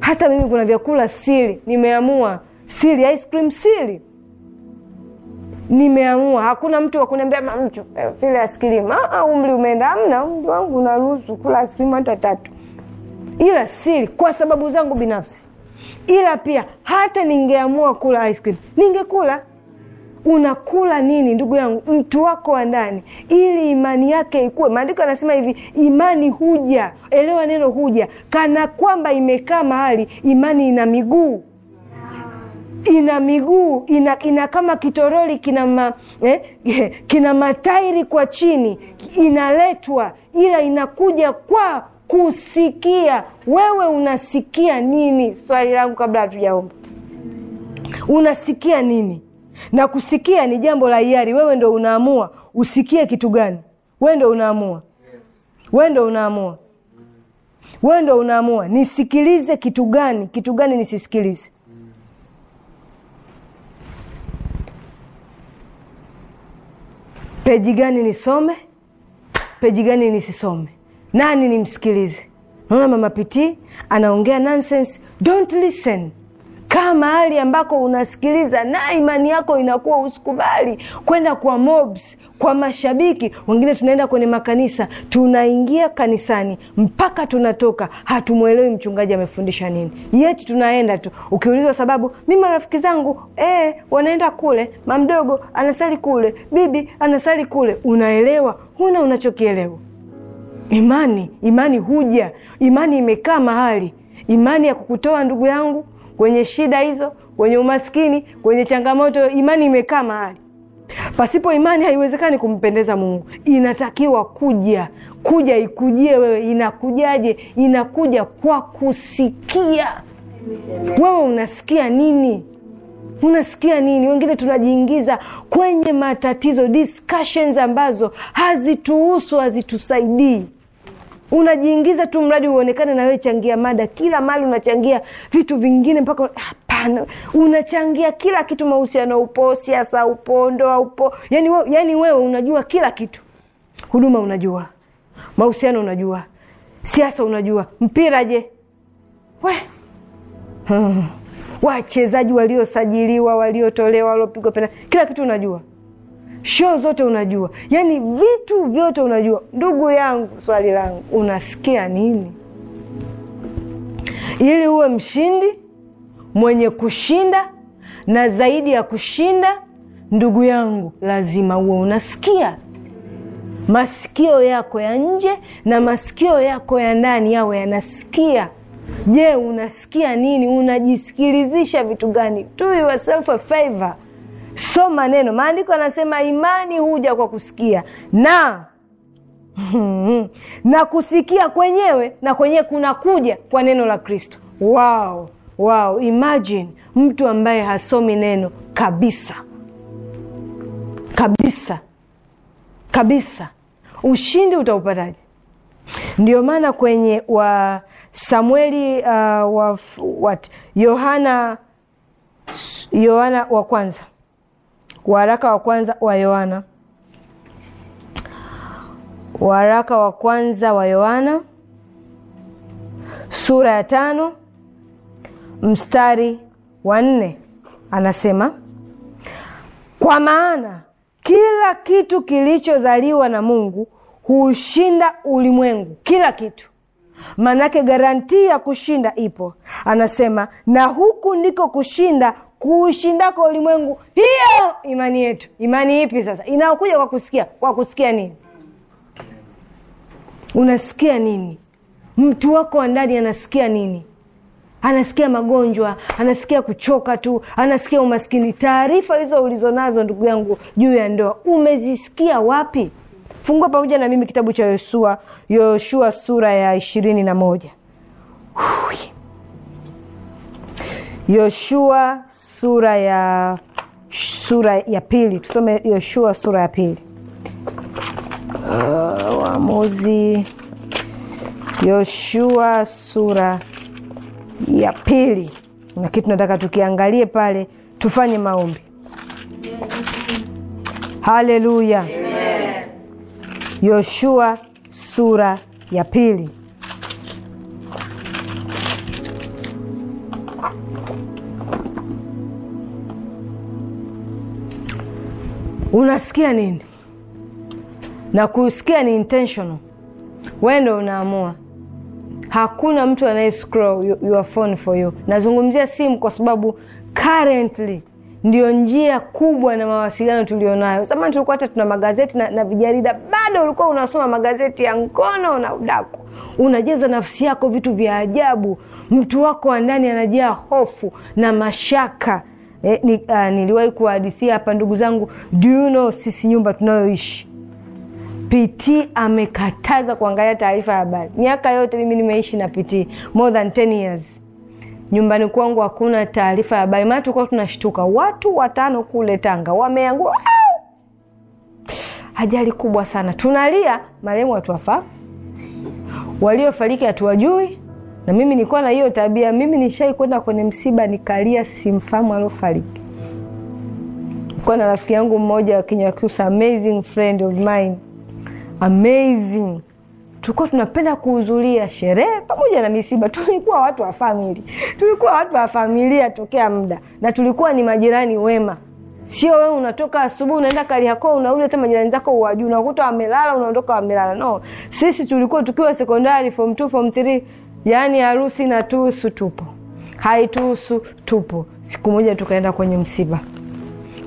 Hata mimi kuna vyakula sili, nimeamua sili. Ice cream sili nimeamua, hakuna mtu wakuniambia mamcho eh, vile askilimu. Ah, umri umeenda, amna, umri wangu naruhusu kula askilimu hata tatu, ila sili kwa sababu zangu binafsi. Ila pia hata ningeamua kula ice cream ningekula. Unakula nini ndugu yangu? Mtu wako wa ndani, ili imani yake ikuwe Maandiko yanasema hivi, imani huja, elewa neno huja, kana kwamba imekaa mahali, imani ina miguu ina miguu ina, ina kama kitoroli kina, ma, eh, kina matairi kwa chini, inaletwa ila inakuja kwa kusikia. Wewe unasikia nini? Swali langu kabla hatujaomba, unasikia nini? Na kusikia ni jambo la hiari. Wewe ndo unaamua usikie kitu gani, wewe ndo unaamua, wewe ndo unaamua, wewe ndo unaamua nisikilize kitu gani, kitu gani nisisikilize peji gani nisome, peji gani nisisome, nani nimsikilize. Naona mama Pitii anaongea nonsense. Don't listen. Kaa mahali ambako unasikiliza na imani yako inakuwa, usikubali kwenda kwa mobs kwa mashabiki wengine, tunaenda kwenye makanisa, tunaingia kanisani mpaka tunatoka, hatumwelewi mchungaji amefundisha nini, yeti tunaenda tu. Ukiulizwa sababu, mi marafiki zangu ee, wanaenda kule, mamdogo anasali kule, bibi anasali kule, unaelewa? Huna unachokielewa. Imani, imani huja, imani imekaa mahali, imani ya kukutoa ndugu yangu kwenye shida hizo, kwenye umaskini, kwenye changamoto, imani imekaa mahali. Pasipo imani haiwezekani kumpendeza Mungu. Inatakiwa kuja kuja, ikujie wewe. Inakujaje? Inakuja kwa kusikia. Wewe unasikia nini? Unasikia nini? Wengine tunajiingiza kwenye matatizo, discussions ambazo hazituhusu, hazitusaidii. Unajiingiza tu mradi uonekane na wewe changia mada, kila mali unachangia vitu vingine mpaka bana, unachangia kila kitu, mahusiano upo, siasa upo, ndoa upo, yani wewe, yani wewe unajua kila kitu, huduma unajua, mahusiano unajua, siasa unajua, mpira je, we hmm. wachezaji waliosajiliwa, waliotolewa, waliopigwa pena, kila kitu unajua, shoo zote unajua, yani vitu vyote unajua. Ndugu yangu, swali langu, unasikia nini ili uwe mshindi? mwenye kushinda na zaidi ya kushinda. Ndugu yangu, lazima uwe unasikia masikio yako ya nje na masikio yako ya ndani yawe yanasikia. Je, unasikia nini? Unajisikilizisha vitu gani? Do so maneno soma neno. Maandiko anasema imani huja kwa kusikia na na kusikia kwenyewe na kwenyewe kunakuja kwa neno la Kristo. Wow. Wow, imagine mtu ambaye hasomi neno kabisa kabisa kabisa, ushindi utaupataje? Ndio maana kwenye wa Samueli uh, wa Yohana Yohana wa kwanza, waraka wa kwanza wa Yohana, waraka wa kwanza wa Yohana sura ya tano mstari wa nne anasema, kwa maana kila kitu kilichozaliwa na Mungu huushinda ulimwengu, kila kitu maanake garantii ya kushinda ipo. Anasema, na huku ndiko kushinda kuushindako ulimwengu, hiyo imani yetu. Imani ipi sasa? inaokuja kwa kusikia. Kwa kusikia nini? Unasikia nini? Mtu wako wa ndani anasikia nini? anasikia magonjwa, anasikia kuchoka tu, anasikia umaskini. Taarifa hizo ulizonazo ndugu yangu juu ya ndoa umezisikia wapi? Fungua pamoja na mimi kitabu cha Yoshua, Yoshua sura ya ishirini na moja. Yoshua sura ya sura ya pili, tusome Yoshua sura ya pili. Uh, Waamuzi, Yoshua sura ya pili, na kitu nataka tukiangalie pale, tufanye maombi. Haleluya! Yoshua sura ya pili. Unasikia nini? Na kusikia ni intentional, wendo unaamua. Hakuna mtu anaye scroll your phone for you. Nazungumzia simu kwa sababu currently ndio njia kubwa na mawasiliano tulionayo. Zamani tulikuwa hata tuna magazeti na, na vijarida, bado ulikuwa unasoma magazeti ya ngono na udaku, unajeza nafsi yako vitu vya ajabu. Mtu wako wa ndani anajaa hofu na mashaka. Eh, ni, uh, niliwahi kuwahadithia hapa ndugu zangu, do you know, sisi nyumba tunayoishi PT amekataza kuangalia taarifa ya habari. Miaka yote mimi nimeishi na PT, more than 10 years. Nyumbani kwangu hakuna taarifa ya habari, maana tulikuwa tunashtuka watu watano kule Tanga wameangua, ajali kubwa sana. Tunalia, marehemu hatuwafahamu, waliofariki hatuwajui. Na mimi nilikuwa na hiyo tabia, mimi nishai kwenda kwenye msiba nikalia, simfahamu aliofariki. Nilikuwa na rafiki yangu mmoja Kinyakusa, amazing friend of mine amazing. Tulikuwa tunapenda kuhudhuria sherehe pamoja na misiba. Tulikuwa watu wa famili, tulikuwa watu wa familia tokea muda, na tulikuwa ni majirani wema. Sio wewe unatoka asubuhi unaenda kaliakoo unarudi, hata majirani zako uwajuu unakuta wamelala, unaondoka wamelala. No, sisi tulikuwa tukiwa sekondari, fom t fom 3, yaani harusi na tuhusu tupo, haituhusu tupo. Siku moja tukaenda kwenye msiba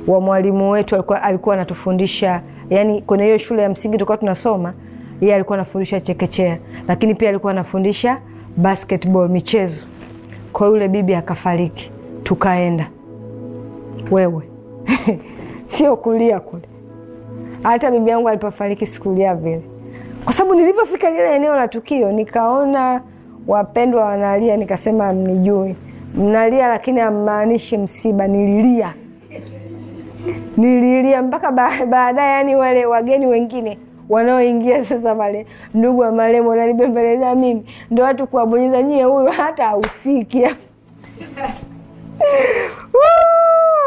wa mwalimu wetu, alikuwa alikuwa anatufundisha yani kwenye hiyo shule ya msingi tulikuwa tunasoma, yeye alikuwa anafundisha chekechea, lakini pia alikuwa anafundisha basketball, michezo. Kwa yule bibi akafariki, tukaenda wewe sio kulia kule. Hata bibi yangu alipofariki sikulia vile, kwa sababu nilivyofika lile eneo la tukio nikaona wapendwa wanalia, nikasema mnijui mnalia, lakini ammaanishi msiba. Nililia nililia mpaka baadaye, yani wale wageni wengine wanaoingia sasa pale, ndugu wa marehemu wananibembeleza mimi, ndo watu kuwabonyeza, nyie huyu hata haufiki.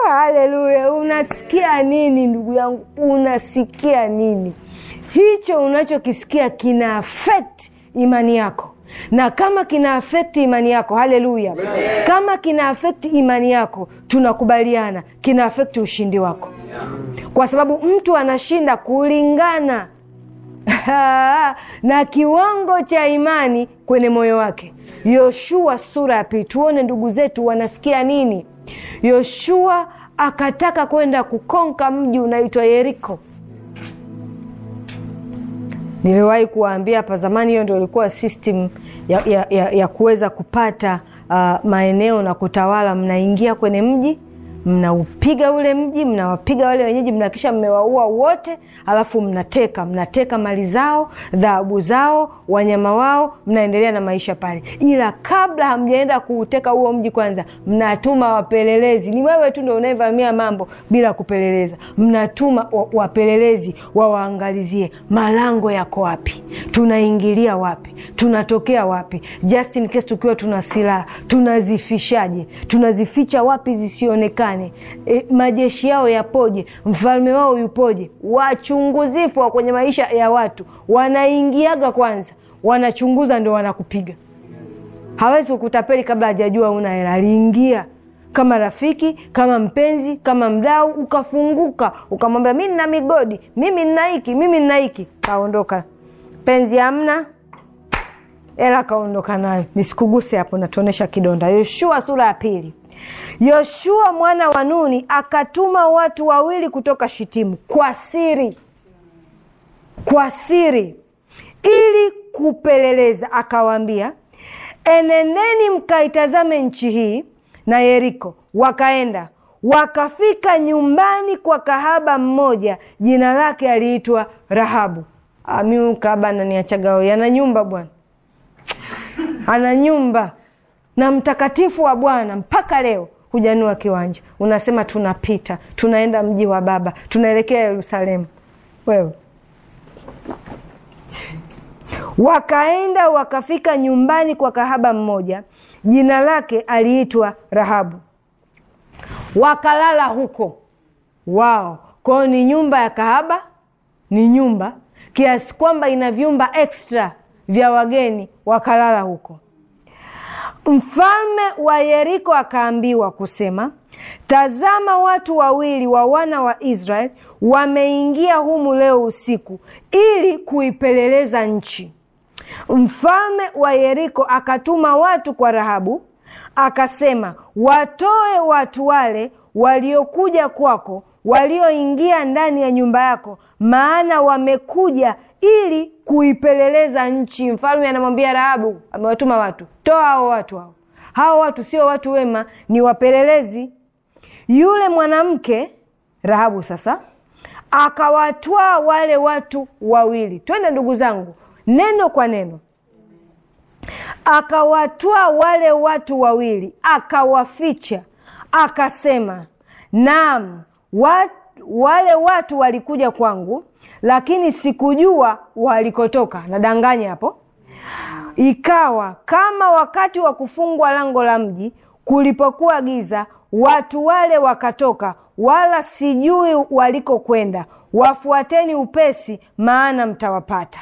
Haleluya! unasikia nini ndugu yangu? Unasikia nini? Hicho unachokisikia kina affect imani yako na kama kina afekti imani yako, haleluya! Kama kina afekti imani yako, tunakubaliana kina afekti ushindi wako, kwa sababu mtu anashinda kulingana na kiwango cha imani kwenye moyo wake. Yoshua sura ya pili, tuone ndugu zetu wanasikia nini. Yoshua akataka kwenda kukonka mji unaitwa Yeriko. Niliwahi kuwaambia hapa zamani, hiyo ndio ilikuwa system ya, ya, ya, ya kuweza kupata uh, maeneo na kutawala. Mnaingia kwenye mji mnaupiga ule mji, mnawapiga wale wenyeji, mnahakisha mmewaua wote, alafu mnateka mnateka mali zao, dhahabu zao, wanyama wao, mnaendelea na maisha pale. Ila kabla hamjaenda kuuteka huo mji, kwanza mnatuma wapelelezi. Ni wewe tu ndo unayevamia mambo bila kupeleleza. Mnatuma wapelelezi wawaangalizie, malango yako wapi, tunaingilia wapi, tunatokea wapi, just in case tukiwa tuna silaha tunazifishaje, tunazificha wapi zisionekane gani? E, majeshi yao yapoje? Mfalme wao yupoje? Wachunguzifu wa kwenye maisha ya watu wanaingiaga kwanza, wanachunguza ndio wanakupiga. Hawezi kukutapeli kabla hajajua una hela. Aliingia kama rafiki, kama mpenzi, kama mdau, ukafunguka, ukamwambia mi nina migodi, mimi nina hiki, mimi nina hiki, kaondoka. Penzi amna hela kaondoka nayo. Nisikuguse hapo, natuonesha kidonda. Yoshua sura ya pili. Yoshua mwana wa Nuni akatuma watu wawili kutoka Shitimu kwa siri, kwa siri ili kupeleleza. Akawaambia, eneneni mkaitazame nchi hii na Yeriko. Wakaenda wakafika nyumbani kwa kahaba mmoja, jina lake aliitwa Rahabu. Ami, kahaba ananiachagayo, ana nyumba bwana, ana nyumba na mtakatifu wa Bwana mpaka leo hujanua kiwanja, unasema tunapita, tunaenda mji wa Baba, tunaelekea Yerusalemu. Wewe wakaenda wakafika nyumbani kwa kahaba mmoja, jina lake aliitwa Rahabu, wakalala huko wao. Kwao ni nyumba ya kahaba, ni nyumba kiasi kwamba ina vyumba extra vya wageni, wakalala huko. Mfalme wa Yeriko akaambiwa kusema, tazama, watu wawili wa wana wa Israeli wameingia humu leo usiku ili kuipeleleza nchi. Mfalme wa Yeriko akatuma watu kwa Rahabu akasema, watoe watu wale waliokuja kwako walioingia ndani ya nyumba yako, maana wamekuja ili kuipeleleza nchi. Mfalme anamwambia Rahabu, amewatuma watu, toa hao watu hao. Hao watu sio watu wema, ni wapelelezi. Yule mwanamke Rahabu sasa akawatwaa wale watu wawili, twende ndugu zangu, neno kwa neno akawatwaa wale watu wawili akawaficha, akasema, naam, wa, wale watu walikuja kwangu lakini sikujua walikotoka, nadanganya hapo. Ikawa kama wakati wa kufungwa lango la mji kulipokuwa giza, watu wale wakatoka, wala sijui walikokwenda. Wafuateni upesi, maana mtawapata.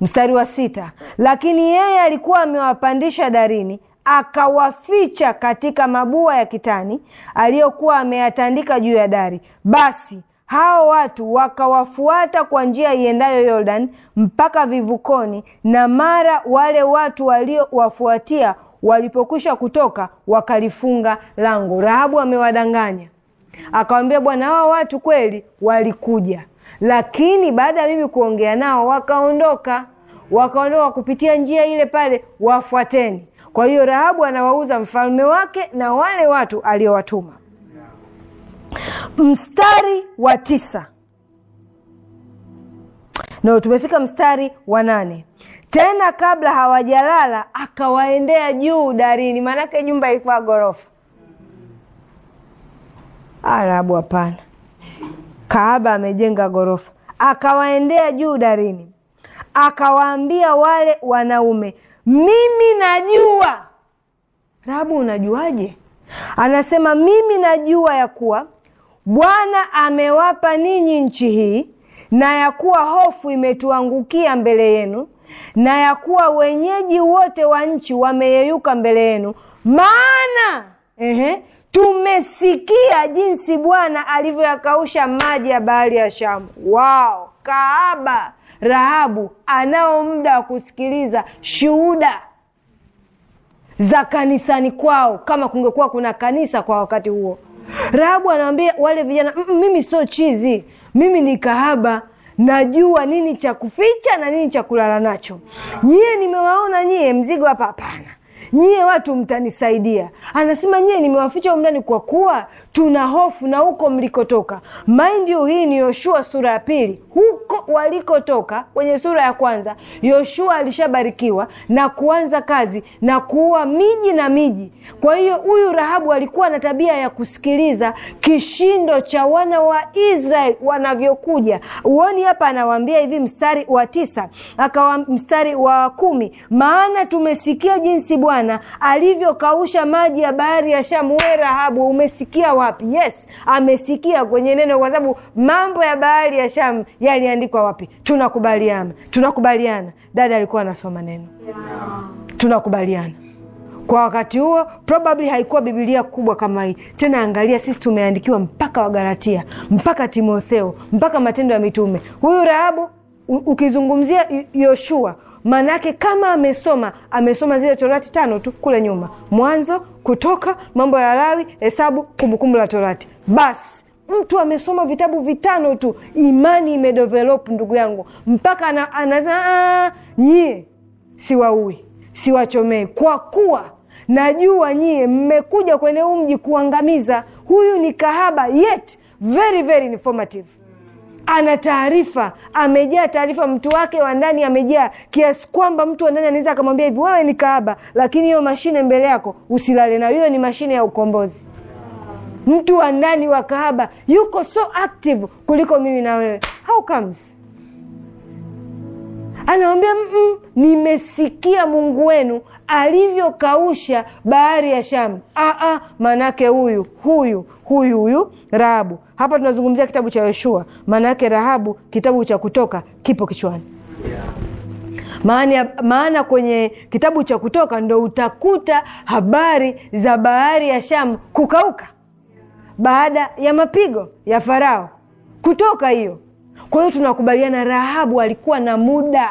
Mstari wa sita. Lakini yeye alikuwa amewapandisha darini akawaficha katika mabua ya kitani aliyokuwa ameyatandika juu ya dari. Basi hao watu wakawafuata kwa njia iendayo yordan mpaka vivukoni, na mara wale watu waliowafuatia walipokwisha kutoka wakalifunga lango. Rahabu amewadanganya, akawambia bwana, hawa watu kweli walikuja, lakini baada ya mimi kuongea nao wakaondoka, wakaondoka kupitia njia ile pale, wafuateni. Kwa hiyo Rahabu anawauza mfalme wake na wale watu aliowatuma mstari wa tisa no tumefika mstari wa nane tena kabla hawajalala akawaendea juu darini maanake nyumba ilikuwa ghorofa arabu hapana kaaba amejenga ghorofa akawaendea juu darini akawaambia wale wanaume mimi najua rabu unajuaje anasema mimi najua ya kuwa Bwana amewapa ninyi nchi hii, na ya kuwa hofu imetuangukia mbele yenu, na ya kuwa wenyeji wote wa nchi wameyeyuka mbele yenu, maana ehe, tumesikia jinsi Bwana alivyoyakausha maji ya bahari ya Shamu. Wao kaaba Rahabu anao muda wa kusikiliza shuhuda za kanisani kwao, kama kungekuwa kuna kanisa kwa wakati huo. Rahabu anawambia wale vijana, mm, mm, mimi sio chizi, mimi ni kahaba najua nini cha kuficha na nini cha kulala nacho. Nyie nimewaona nyie, mzigo hapa hapana, nyie watu mtanisaidia. Anasema nyie nimewaficha huko ndani, kwa kuwa tuna hofu na huko mlikotoka. Mind you, hii ni Yoshua sura ya pili. Huko walikotoka kwenye sura ya kwanza, Yoshua alishabarikiwa na kuanza kazi na kuua miji na miji. Kwa hiyo huyu Rahabu alikuwa na tabia ya kusikiliza kishindo cha wana wa Israeli wanavyokuja. Uoni hapa anawaambia hivi, mstari wa tisa akawa mstari wa kumi, maana tumesikia jinsi Bwana alivyokausha maji ya bahari ya Shamu. We Rahabu, umesikia wa wapi yes amesikia kwenye neno kwa sababu mambo ya bahari ya shamu yaliandikwa wapi tunakubaliana tunakubaliana dada alikuwa anasoma neno yeah. tunakubaliana kwa wakati huo probably haikuwa bibilia kubwa kama hii tena angalia sisi tumeandikiwa mpaka wagalatia mpaka timotheo mpaka matendo ya mitume huyu rahabu ukizungumzia yoshua Maanake kama amesoma amesoma zile Torati tano tu kule nyuma, Mwanzo, Kutoka, Mambo ya Lawi, Hesabu, Kumbukumbu la Torati, basi mtu amesoma vitabu vitano tu, imani imedevelop ndugu yangu, mpaka ana, ana nyie siwaui siwachomei, kwa kuwa najua nyie mmekuja kwenye huu mji kuangamiza. Huyu ni kahaba, yet very very informative ana taarifa, amejaa taarifa, mtu wake wa ndani amejaa, kiasi kwamba mtu wa ndani anaweza akamwambia hivi, wewe ni kahaba, lakini hiyo mashine mbele yako usilale nayo, hiyo ni mashine ya ukombozi. Mtu wa ndani wa kahaba yuko so active kuliko mimi na wewe. How comes? Anawambia mm, nimesikia Mungu wenu alivyokausha bahari ya Shamu. Aa, ah, ah, manake huyu huyu huyu huyu Rahabu hapa tunazungumzia kitabu cha Yoshua, maana yake Rahabu kitabu cha Kutoka kipo kichwani Maana, maana kwenye kitabu cha Kutoka ndo utakuta habari za bahari ya Shamu kukauka baada ya mapigo ya Farao kutoka hiyo. Kwa hiyo tunakubaliana, Rahabu alikuwa na muda,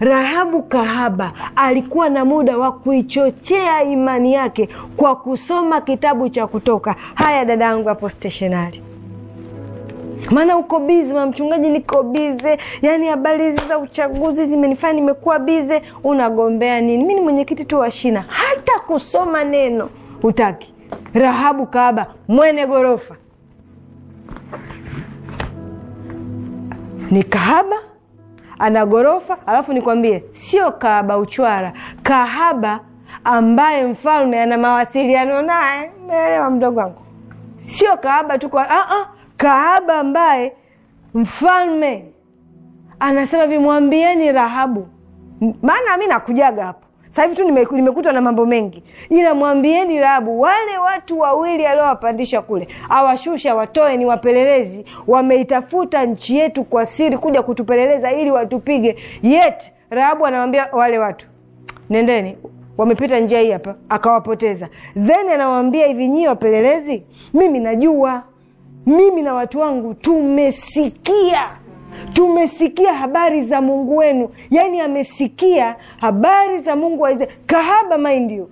Rahabu kahaba alikuwa na muda wa kuichochea imani yake kwa kusoma kitabu cha Kutoka. Haya, dada yangu hapo stationari maana uko bize ma mchungaji, niko bize. Yani habari hizi za uchaguzi zimenifanya nimekuwa bize. Unagombea nini? Mi ni mwenyekiti tu wa shina, hata kusoma neno utaki Rahabu Kaaba mwene gorofa ni kahaba, ana Alafu nikwambie, sio kahaba uchwara, kahaba ambaye mfalme ana mawasiliano naye. Naelewa mdogo wangu, sio kahaba tu kwa ah, ah kahaba ambaye mfalme anasema hivi, mwambieni Rahabu, maana mi nakujaga hapo sasa hivi tu nimekutwa na mambo mengi, ila mwambieni Rahabu, wale watu wawili aliowapandisha kule awashusha watoe ni wapelelezi, wameitafuta nchi yetu kwa siri kuja kutupeleleza ili watupige. Yet Rahabu anawambia wale watu, nendeni wamepita njia hii hapa, akawapoteza. Then anawambia hivi, nyie wapelelezi, mimi najua mimi na watu wangu tumesikia tumesikia habari za Mungu wenu, yaani amesikia habari za Mungu wa Israel. Kahaba, maindio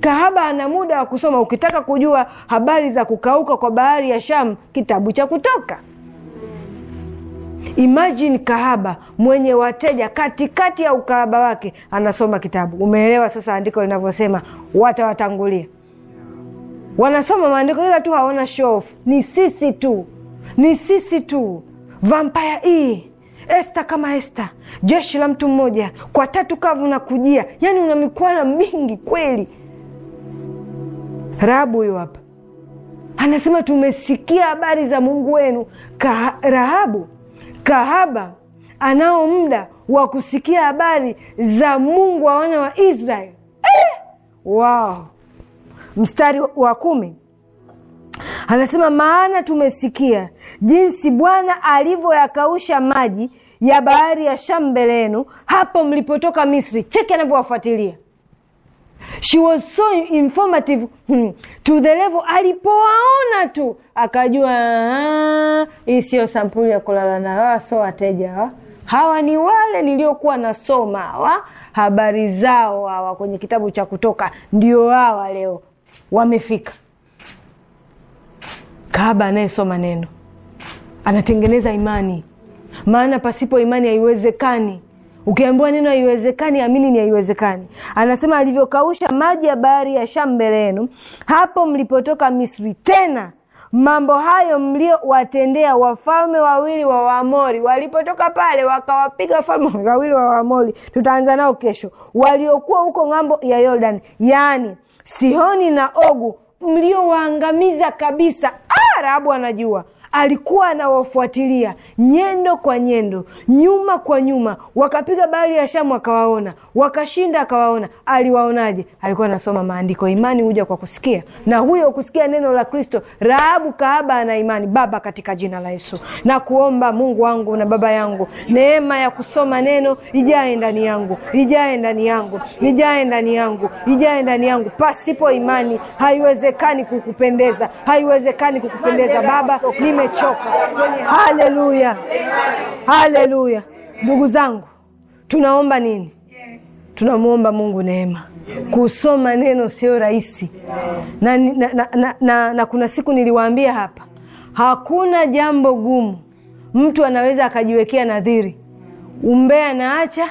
kahaba ana muda wa kusoma. Ukitaka kujua habari za kukauka kwa bahari ya Shamu, kitabu cha Kutoka. imajini kahaba mwenye wateja katikati kati ya ukahaba wake anasoma kitabu. Umeelewa sasa andiko linavyosema watawatangulia wanasoma maandiko ila tu hawana shof. Ni sisi tu, ni sisi tu. Vampaya hii e. Esta kama Esta, jeshi la mtu mmoja kwa tatu kavu na kujia. Yani una mikwana mingi kweli. Rahabu huyo hapa anasema tumesikia habari za Mungu wenu. Ka, Rahabu kahaba anao muda wa kusikia habari za Mungu wa wana wa Israeli. Eh! Wow mstari wa kumi anasema maana tumesikia jinsi Bwana alivyoyakausha maji ya bahari ya sham mbele yenu hapo mlipotoka Misri. Cheki anavyowafuatilia. She was so informative hmm, to the level. Alipowaona tu akajua ah, hii siyo sampuli ya kulala na wa so wateja wa hawa ni wale niliokuwa nasoma wa habari zao hawa kwenye kitabu cha Kutoka, ndio hawa leo wamefika. Kahaba anayesoma neno anatengeneza imani, maana pasipo imani haiwezekani. Ukiambiwa neno haiwezekani, amini ni haiwezekani. Anasema alivyokausha maji ya bahari ya Shamu mbele yenu, hapo mlipotoka Misri, tena mambo hayo mliowatendea wafalme wawili wa Waamori. Walipotoka pale wakawapiga wafalme wawili wa Waamori, tutaanza nao kesho, waliokuwa huko ng'ambo ya Yordani, yaani Sihoni na Ogu mliowaangamiza kabisa. Ah, Rahabu anajua alikuwa anawafuatilia nyendo kwa nyendo, nyuma kwa nyuma, wakapiga bahari ya Shamu akawaona, wakashinda akawaona. Aliwaonaje? Alikuwa anasoma maandiko. Imani huja kwa kusikia, na huyo kusikia neno la Kristo. Rahabu kahaba ana imani. Baba, katika jina la Yesu na kuomba Mungu wangu na Baba yangu, neema ya kusoma neno ijae ndani yangu, ijae ndani yangu, ijae ndani yangu, ijae ndani yangu. Pasipo imani haiwezekani kukupendeza, haiwezekani kukupendeza Baba nime tumechoka. Haleluya, haleluya. Ndugu zangu, tunaomba nini? Tunamwomba Mungu neema. Kusoma neno sio rahisi, na, na, na, na, na, na kuna siku niliwaambia hapa, hakuna jambo gumu mtu anaweza akajiwekea nadhiri. Umbea naacha,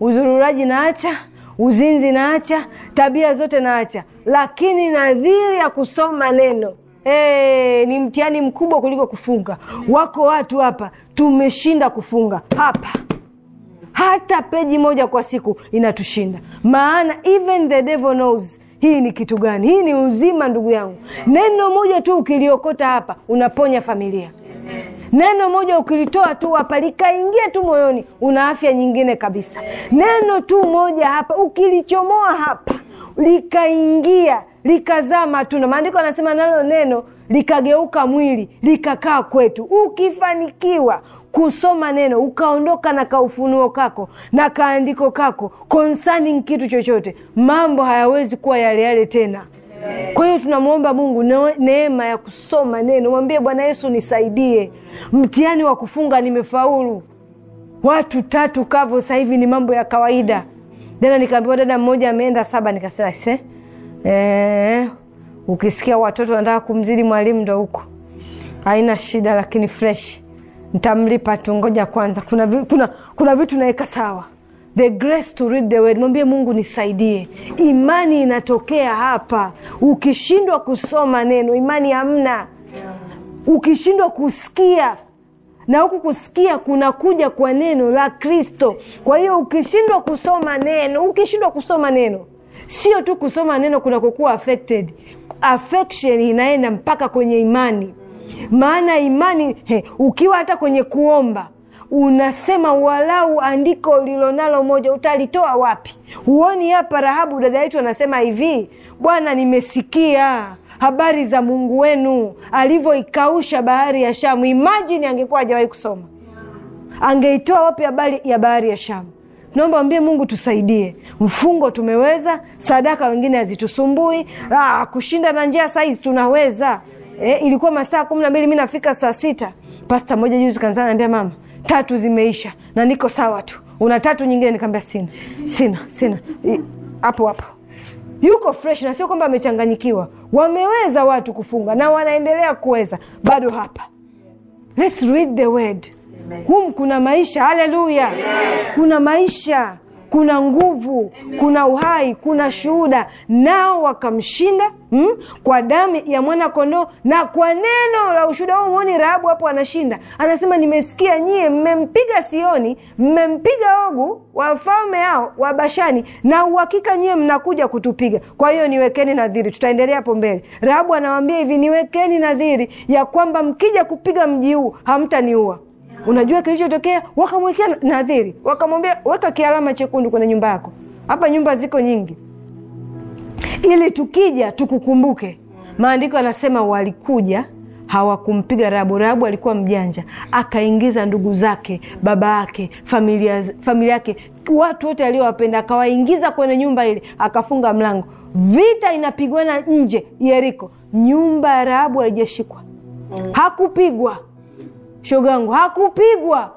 uzururaji naacha, uzinzi naacha, tabia zote naacha, lakini nadhiri ya kusoma neno Hey, eh, ni mtihani mkubwa kuliko kufunga. Wako watu hapa tumeshinda kufunga hapa, hata peji moja kwa siku inatushinda, maana even the devil knows hii ni kitu gani. Hii ni uzima, ndugu yangu. Neno moja tu ukiliokota hapa unaponya familia neno moja ukilitoa tu hapa likaingia tu moyoni, una afya nyingine kabisa. Neno tu moja hapa ukilichomoa hapa likaingia likazaa matunda. Maandiko anasema nalo neno likageuka mwili likakaa kwetu. Ukifanikiwa kusoma neno ukaondoka na kaufunuo kako na kaandiko kako concerning kitu chochote, mambo hayawezi kuwa yale yale tena. Kwa hiyo tunamwomba Mungu neema ya kusoma neno. Mwambie Bwana Yesu, nisaidie mtihani wa kufunga, nimefaulu. Watu tatu kavo sasa hivi ni mambo ya kawaida. Jana nikaambiwa dada mmoja ameenda saba, nikasema se eh, ukisikia watoto wanataka kumzidi mwalimu ndo huko, haina shida, lakini fresh ntamlipa tu, ngoja kwanza, kuna, kuna, kuna vitu naweka sawa The grace to read the word. Mwambie Mungu nisaidie. Imani inatokea hapa. Ukishindwa kusoma neno, imani hamna. Ukishindwa kusikia na huku kusikia kunakuja kwa neno la Kristo. Kwa hiyo ukishindwa kusoma neno, ukishindwa kusoma neno, sio tu kusoma neno kunakokuwa affected, affection inaenda mpaka kwenye imani. Maana imani he, ukiwa hata kwenye kuomba unasema walau andiko lilonalo moja utalitoa wapi? Huoni hapa Rahabu dada yetu anasema hivi, Bwana, nimesikia habari za Mungu wenu alivyoikausha bahari ya Shamu. Imajini angekuwa hajawahi kusoma, angeitoa wapi habari ya bahari ya Shamu? Naomba ambie Mungu tusaidie. Mfungo tumeweza, sadaka wengine hazitusumbui. Ah, kushinda na njia saizi tunaweza. E, ilikuwa masaa kumi na mbili mi nafika saa sita. Pasta moja juzi kanisani anambia mama, tatu zimeisha na niko sawa tu, una tatu nyingine? Nikaambia sina sina sina, hapo hapo yuko fresh na sio kwamba amechanganyikiwa. Wameweza watu kufunga na wanaendelea kuweza bado hapa. Let's read the word. Hum, kuna maisha. Haleluya, kuna maisha kuna nguvu, kuna uhai, kuna shuhuda, nao wakamshinda hmm? kwa damu ya mwana kondoo na kwa neno la ushuhuda huu Mwoni Rahabu hapo anashinda, anasema nimesikia nyie mmempiga Sioni, mmempiga Ogu, wafalme hao wa Bashani, na uhakika nyie mnakuja kutupiga. Kwa hiyo niwekeni nadhiri. Tutaendelea hapo mbele. Rahabu anawambia hivi, niwekeni nadhiri ya kwamba mkija kupiga mji huu hamtaniua. Unajua kilichotokea? Wakamwekea nadhiri, wakamwambia weka kialama chekundu kwenye nyumba yako. Hapa nyumba ziko nyingi, ili tukija tukukumbuke. Maandiko anasema walikuja hawakumpiga rabu rabu alikuwa mjanja, akaingiza ndugu zake, baba yake, familia familia yake, watu wote aliowapenda akawaingiza kwenye nyumba ile, akafunga mlango. Vita inapigwana nje Yeriko, nyumba ya Rahabu haijashikwa, hakupigwa shogangu hakupigwa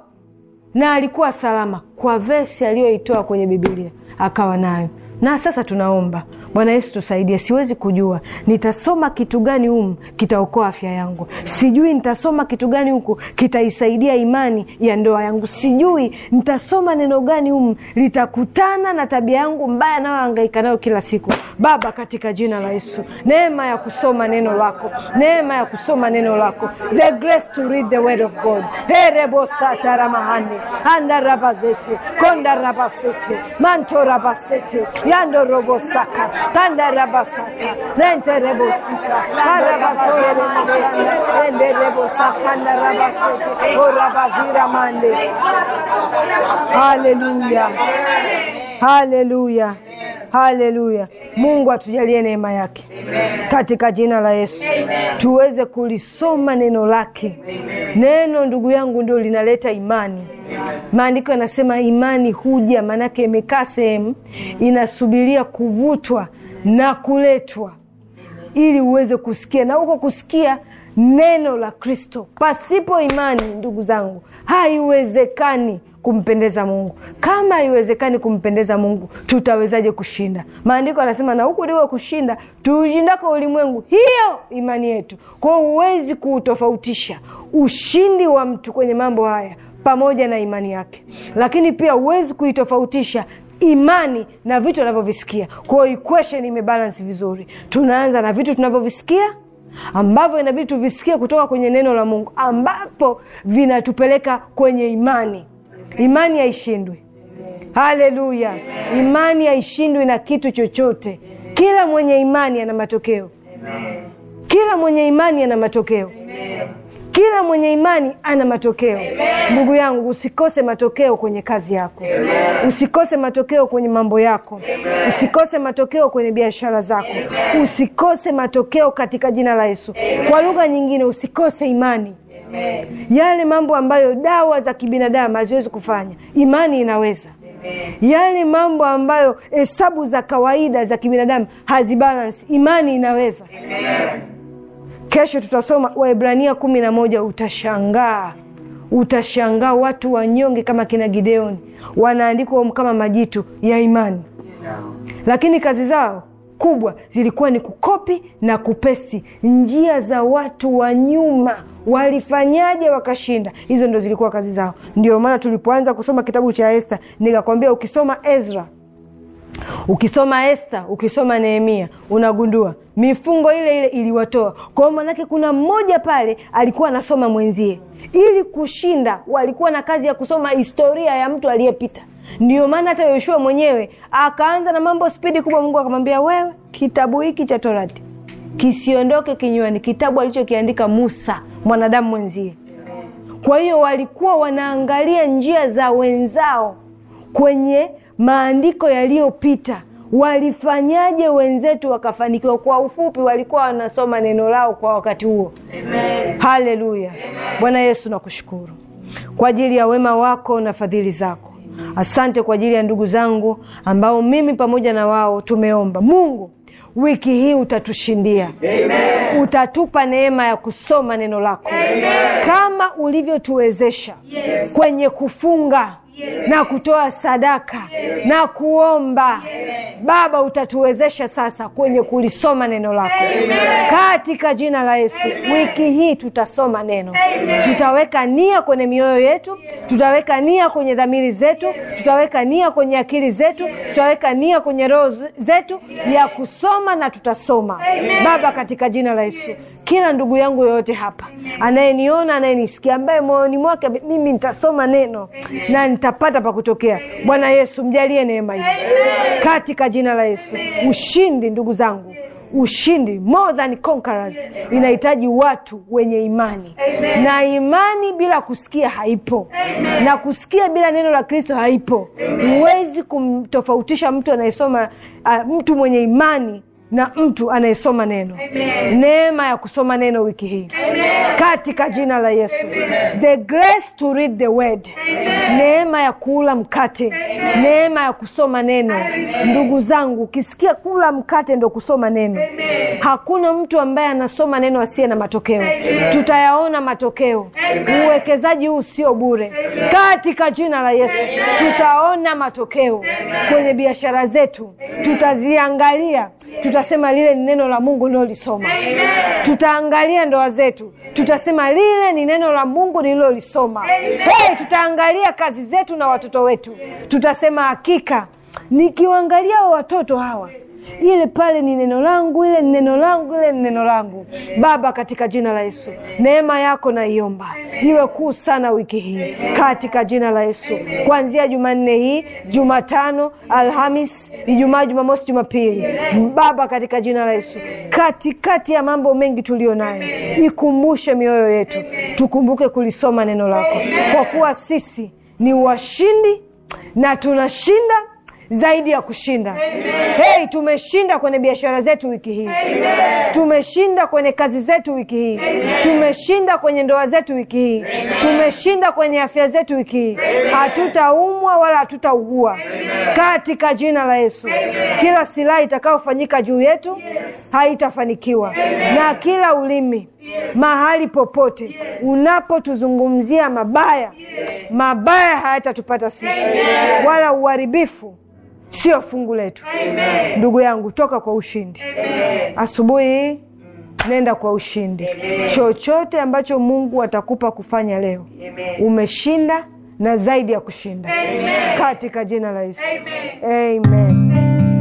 na alikuwa salama kwa vesi aliyoitoa kwenye Bibilia akawa nayo, na sasa tunaomba Bwana Yesu tusaidie. Siwezi kujua nitasoma kitu gani humu kitaokoa afya yangu, sijui nitasoma kitu gani huku kitaisaidia imani ya ndoa yangu, sijui nitasoma neno gani humu litakutana na tabia yangu mbaya nayohangaika nayo kila siku. Baba, katika jina la Yesu, neema ya kusoma neno lako, neema ya kusoma neno lako, the grace to read the word of God herebosataramahani yandorobosaka Kanda rabasata. Rente rebosita. Karabasore rebosita. Rende rebosa. Kanda rabasa, O oh, rabazira mande. Hallelujah. Hallelujah. Haleluya! Mungu atujalie neema yake Amen. Katika jina la Yesu Amen. Tuweze kulisoma neno lake Amen. Neno ndugu yangu ndio linaleta imani. Maandiko yanasema imani huja, maanake imekaa sehemu inasubiria kuvutwa na kuletwa ili uweze kusikia, na huko kusikia neno la Kristo. Pasipo imani, ndugu zangu, haiwezekani kumpendeza Mungu. Kama haiwezekani kumpendeza Mungu, tutawezaje kushinda? Maandiko anasema na huku ndiko kushinda tuushindako ulimwengu, hiyo imani yetu. Kwa hiyo huwezi kuutofautisha ushindi wa mtu kwenye mambo haya pamoja na imani yake, lakini pia huwezi kuitofautisha imani na vitu anavyovisikia. Kwa hiyo equation imebalance vizuri, tunaanza na vitu tunavyovisikia ambavyo inabidi tuvisikie kutoka kwenye neno la Mungu, ambapo vinatupeleka kwenye imani. Imani haishindwi. Haleluya! Imani haishindwi na kitu chochote. Kila mwenye imani ana matokeo. Kila mwenye imani ana matokeo. Kila mwenye imani ana matokeo. Ndugu yangu, usikose matokeo kwenye kazi yako. Amen. Usikose matokeo kwenye mambo yako. Amen. Usikose matokeo kwenye biashara zako. Amen. Usikose matokeo katika jina la Yesu. Kwa lugha nyingine, usikose imani. Amen. Yale mambo ambayo dawa za kibinadamu haziwezi kufanya, imani inaweza. Amen. Yale mambo ambayo hesabu za kawaida za kibinadamu hazibalansi, imani inaweza. Amen. Kesho tutasoma Waebrania kumi na moja. Utashangaa, utashangaa watu wanyonge kama kina Gideoni wanaandikwa kama majitu ya imani, lakini kazi zao kubwa zilikuwa ni kukopi na kupesti njia za watu wa nyuma, walifanyaje wakashinda? Hizo ndo zilikuwa kazi zao. Ndio maana tulipoanza kusoma kitabu cha Esta nikakwambia, ukisoma Ezra, ukisoma Esta, ukisoma Nehemia, unagundua mifungo ile ile iliwatoa kwao. Manake kuna mmoja pale alikuwa anasoma mwenzie, ili kushinda walikuwa na kazi ya kusoma historia ya mtu aliyepita ndio maana hata Yoshua mwenyewe akaanza na mambo spidi kubwa. Mungu akamwambia, wewe, kitabu hiki cha Torati kisiondoke kinywani, kitabu alichokiandika Musa, mwanadamu mwenzie. Kwa hiyo walikuwa wanaangalia njia za wenzao kwenye maandiko yaliyopita, walifanyaje wenzetu wakafanikiwa. Kwa ufupi, walikuwa wanasoma neno lao kwa wakati huo. Haleluya! Bwana Yesu, nakushukuru kwa ajili ya wema wako na fadhili zako. Asante kwa ajili ya ndugu zangu ambao mimi pamoja na wao tumeomba. Mungu, wiki hii utatushindia. Amen. Utatupa neema ya kusoma neno lako. Amen. Kama ulivyotuwezesha yes, kwenye kufunga yes, na kutoa sadaka yes, na kuomba yes. Baba utatuwezesha sasa kwenye kulisoma neno lako katika jina la Yesu. Amen. Wiki hii tutasoma neno. Amen. Tutaweka nia kwenye mioyo yetu, tutaweka nia kwenye dhamiri zetu, tutaweka nia kwenye akili zetu, tutaweka nia kwenye roho zetu ya kusoma na tutasoma. Amen. Baba katika jina la Yesu kila ndugu yangu yoyote hapa anayeniona, anayenisikia, ambaye moyoni mwake mimi nitasoma neno Amen. na nitapata pa kutokea. Bwana Yesu mjalie neema hii katika jina la Yesu. Amen. Ushindi ndugu zangu ushindi more than conquerors inahitaji watu wenye imani Amen. na imani bila kusikia haipo Amen. na kusikia bila neno la Kristo haipo. Huwezi kumtofautisha mtu anayesoma uh, mtu mwenye imani na mtu anayesoma neno Amen. Neema ya kusoma neno wiki hii katika jina la Yesu Amen. The grace to read the word Amen. Neema ya kuula mkate Amen. Neema ya kusoma neno Amen. Ndugu zangu, ukisikia kula mkate ndo kusoma neno Amen. Hakuna mtu ambaye anasoma neno asiye na matokeo Amen. Tutayaona matokeo Uwekezaji huu sio bure katika jina la Yesu Amen. Tutaona matokeo Amen. Kwenye biashara zetu Amen. Tutaziangalia tuta tutasema lile ni neno la Mungu nilolisoma. Tutaangalia ndoa zetu, tutasema lile ni neno la Mungu nililolisoma. Hey, tutaangalia kazi zetu na watoto wetu, tutasema hakika nikiwaangalia watoto hawa ile pale ni neno langu, ile ni neno langu, ile ni neno langu. Baba, katika jina la Yesu, neema yako naiomba iwe kuu sana wiki hii katika jina la Yesu, kuanzia Jumanne hii, Jumatano, Alhamis, Ijumaa, Jumamosi, Jumapili. Baba, katika jina la Yesu, katikati ya mambo mengi tuliyo nayo, ikumbushe mioyo yetu tukumbuke kulisoma neno lako, kwa kuwa sisi ni washindi na tunashinda zaidi ya kushinda. Hei, tumeshinda kwenye biashara zetu wiki hii, tumeshinda kwenye kazi zetu wiki hii, tumeshinda kwenye ndoa zetu wiki hii, tumeshinda kwenye afya zetu wiki hii. Hatutaumwa wala hatutaugua katika jina la Yesu. Kila silaha itakayofanyika juu yetu haitafanikiwa, na kila ulimi mahali popote unapotuzungumzia mabaya, mabaya hayatatupata sisi wala uharibifu sio fungu letu. Amen. Ndugu yangu, toka kwa ushindi. Amen. Asubuhi nenda kwa ushindi. Amen. Chochote ambacho Mungu atakupa kufanya leo, Amen. Umeshinda na zaidi ya kushinda. Amen. Katika jina la Yesu. Amen. Amen.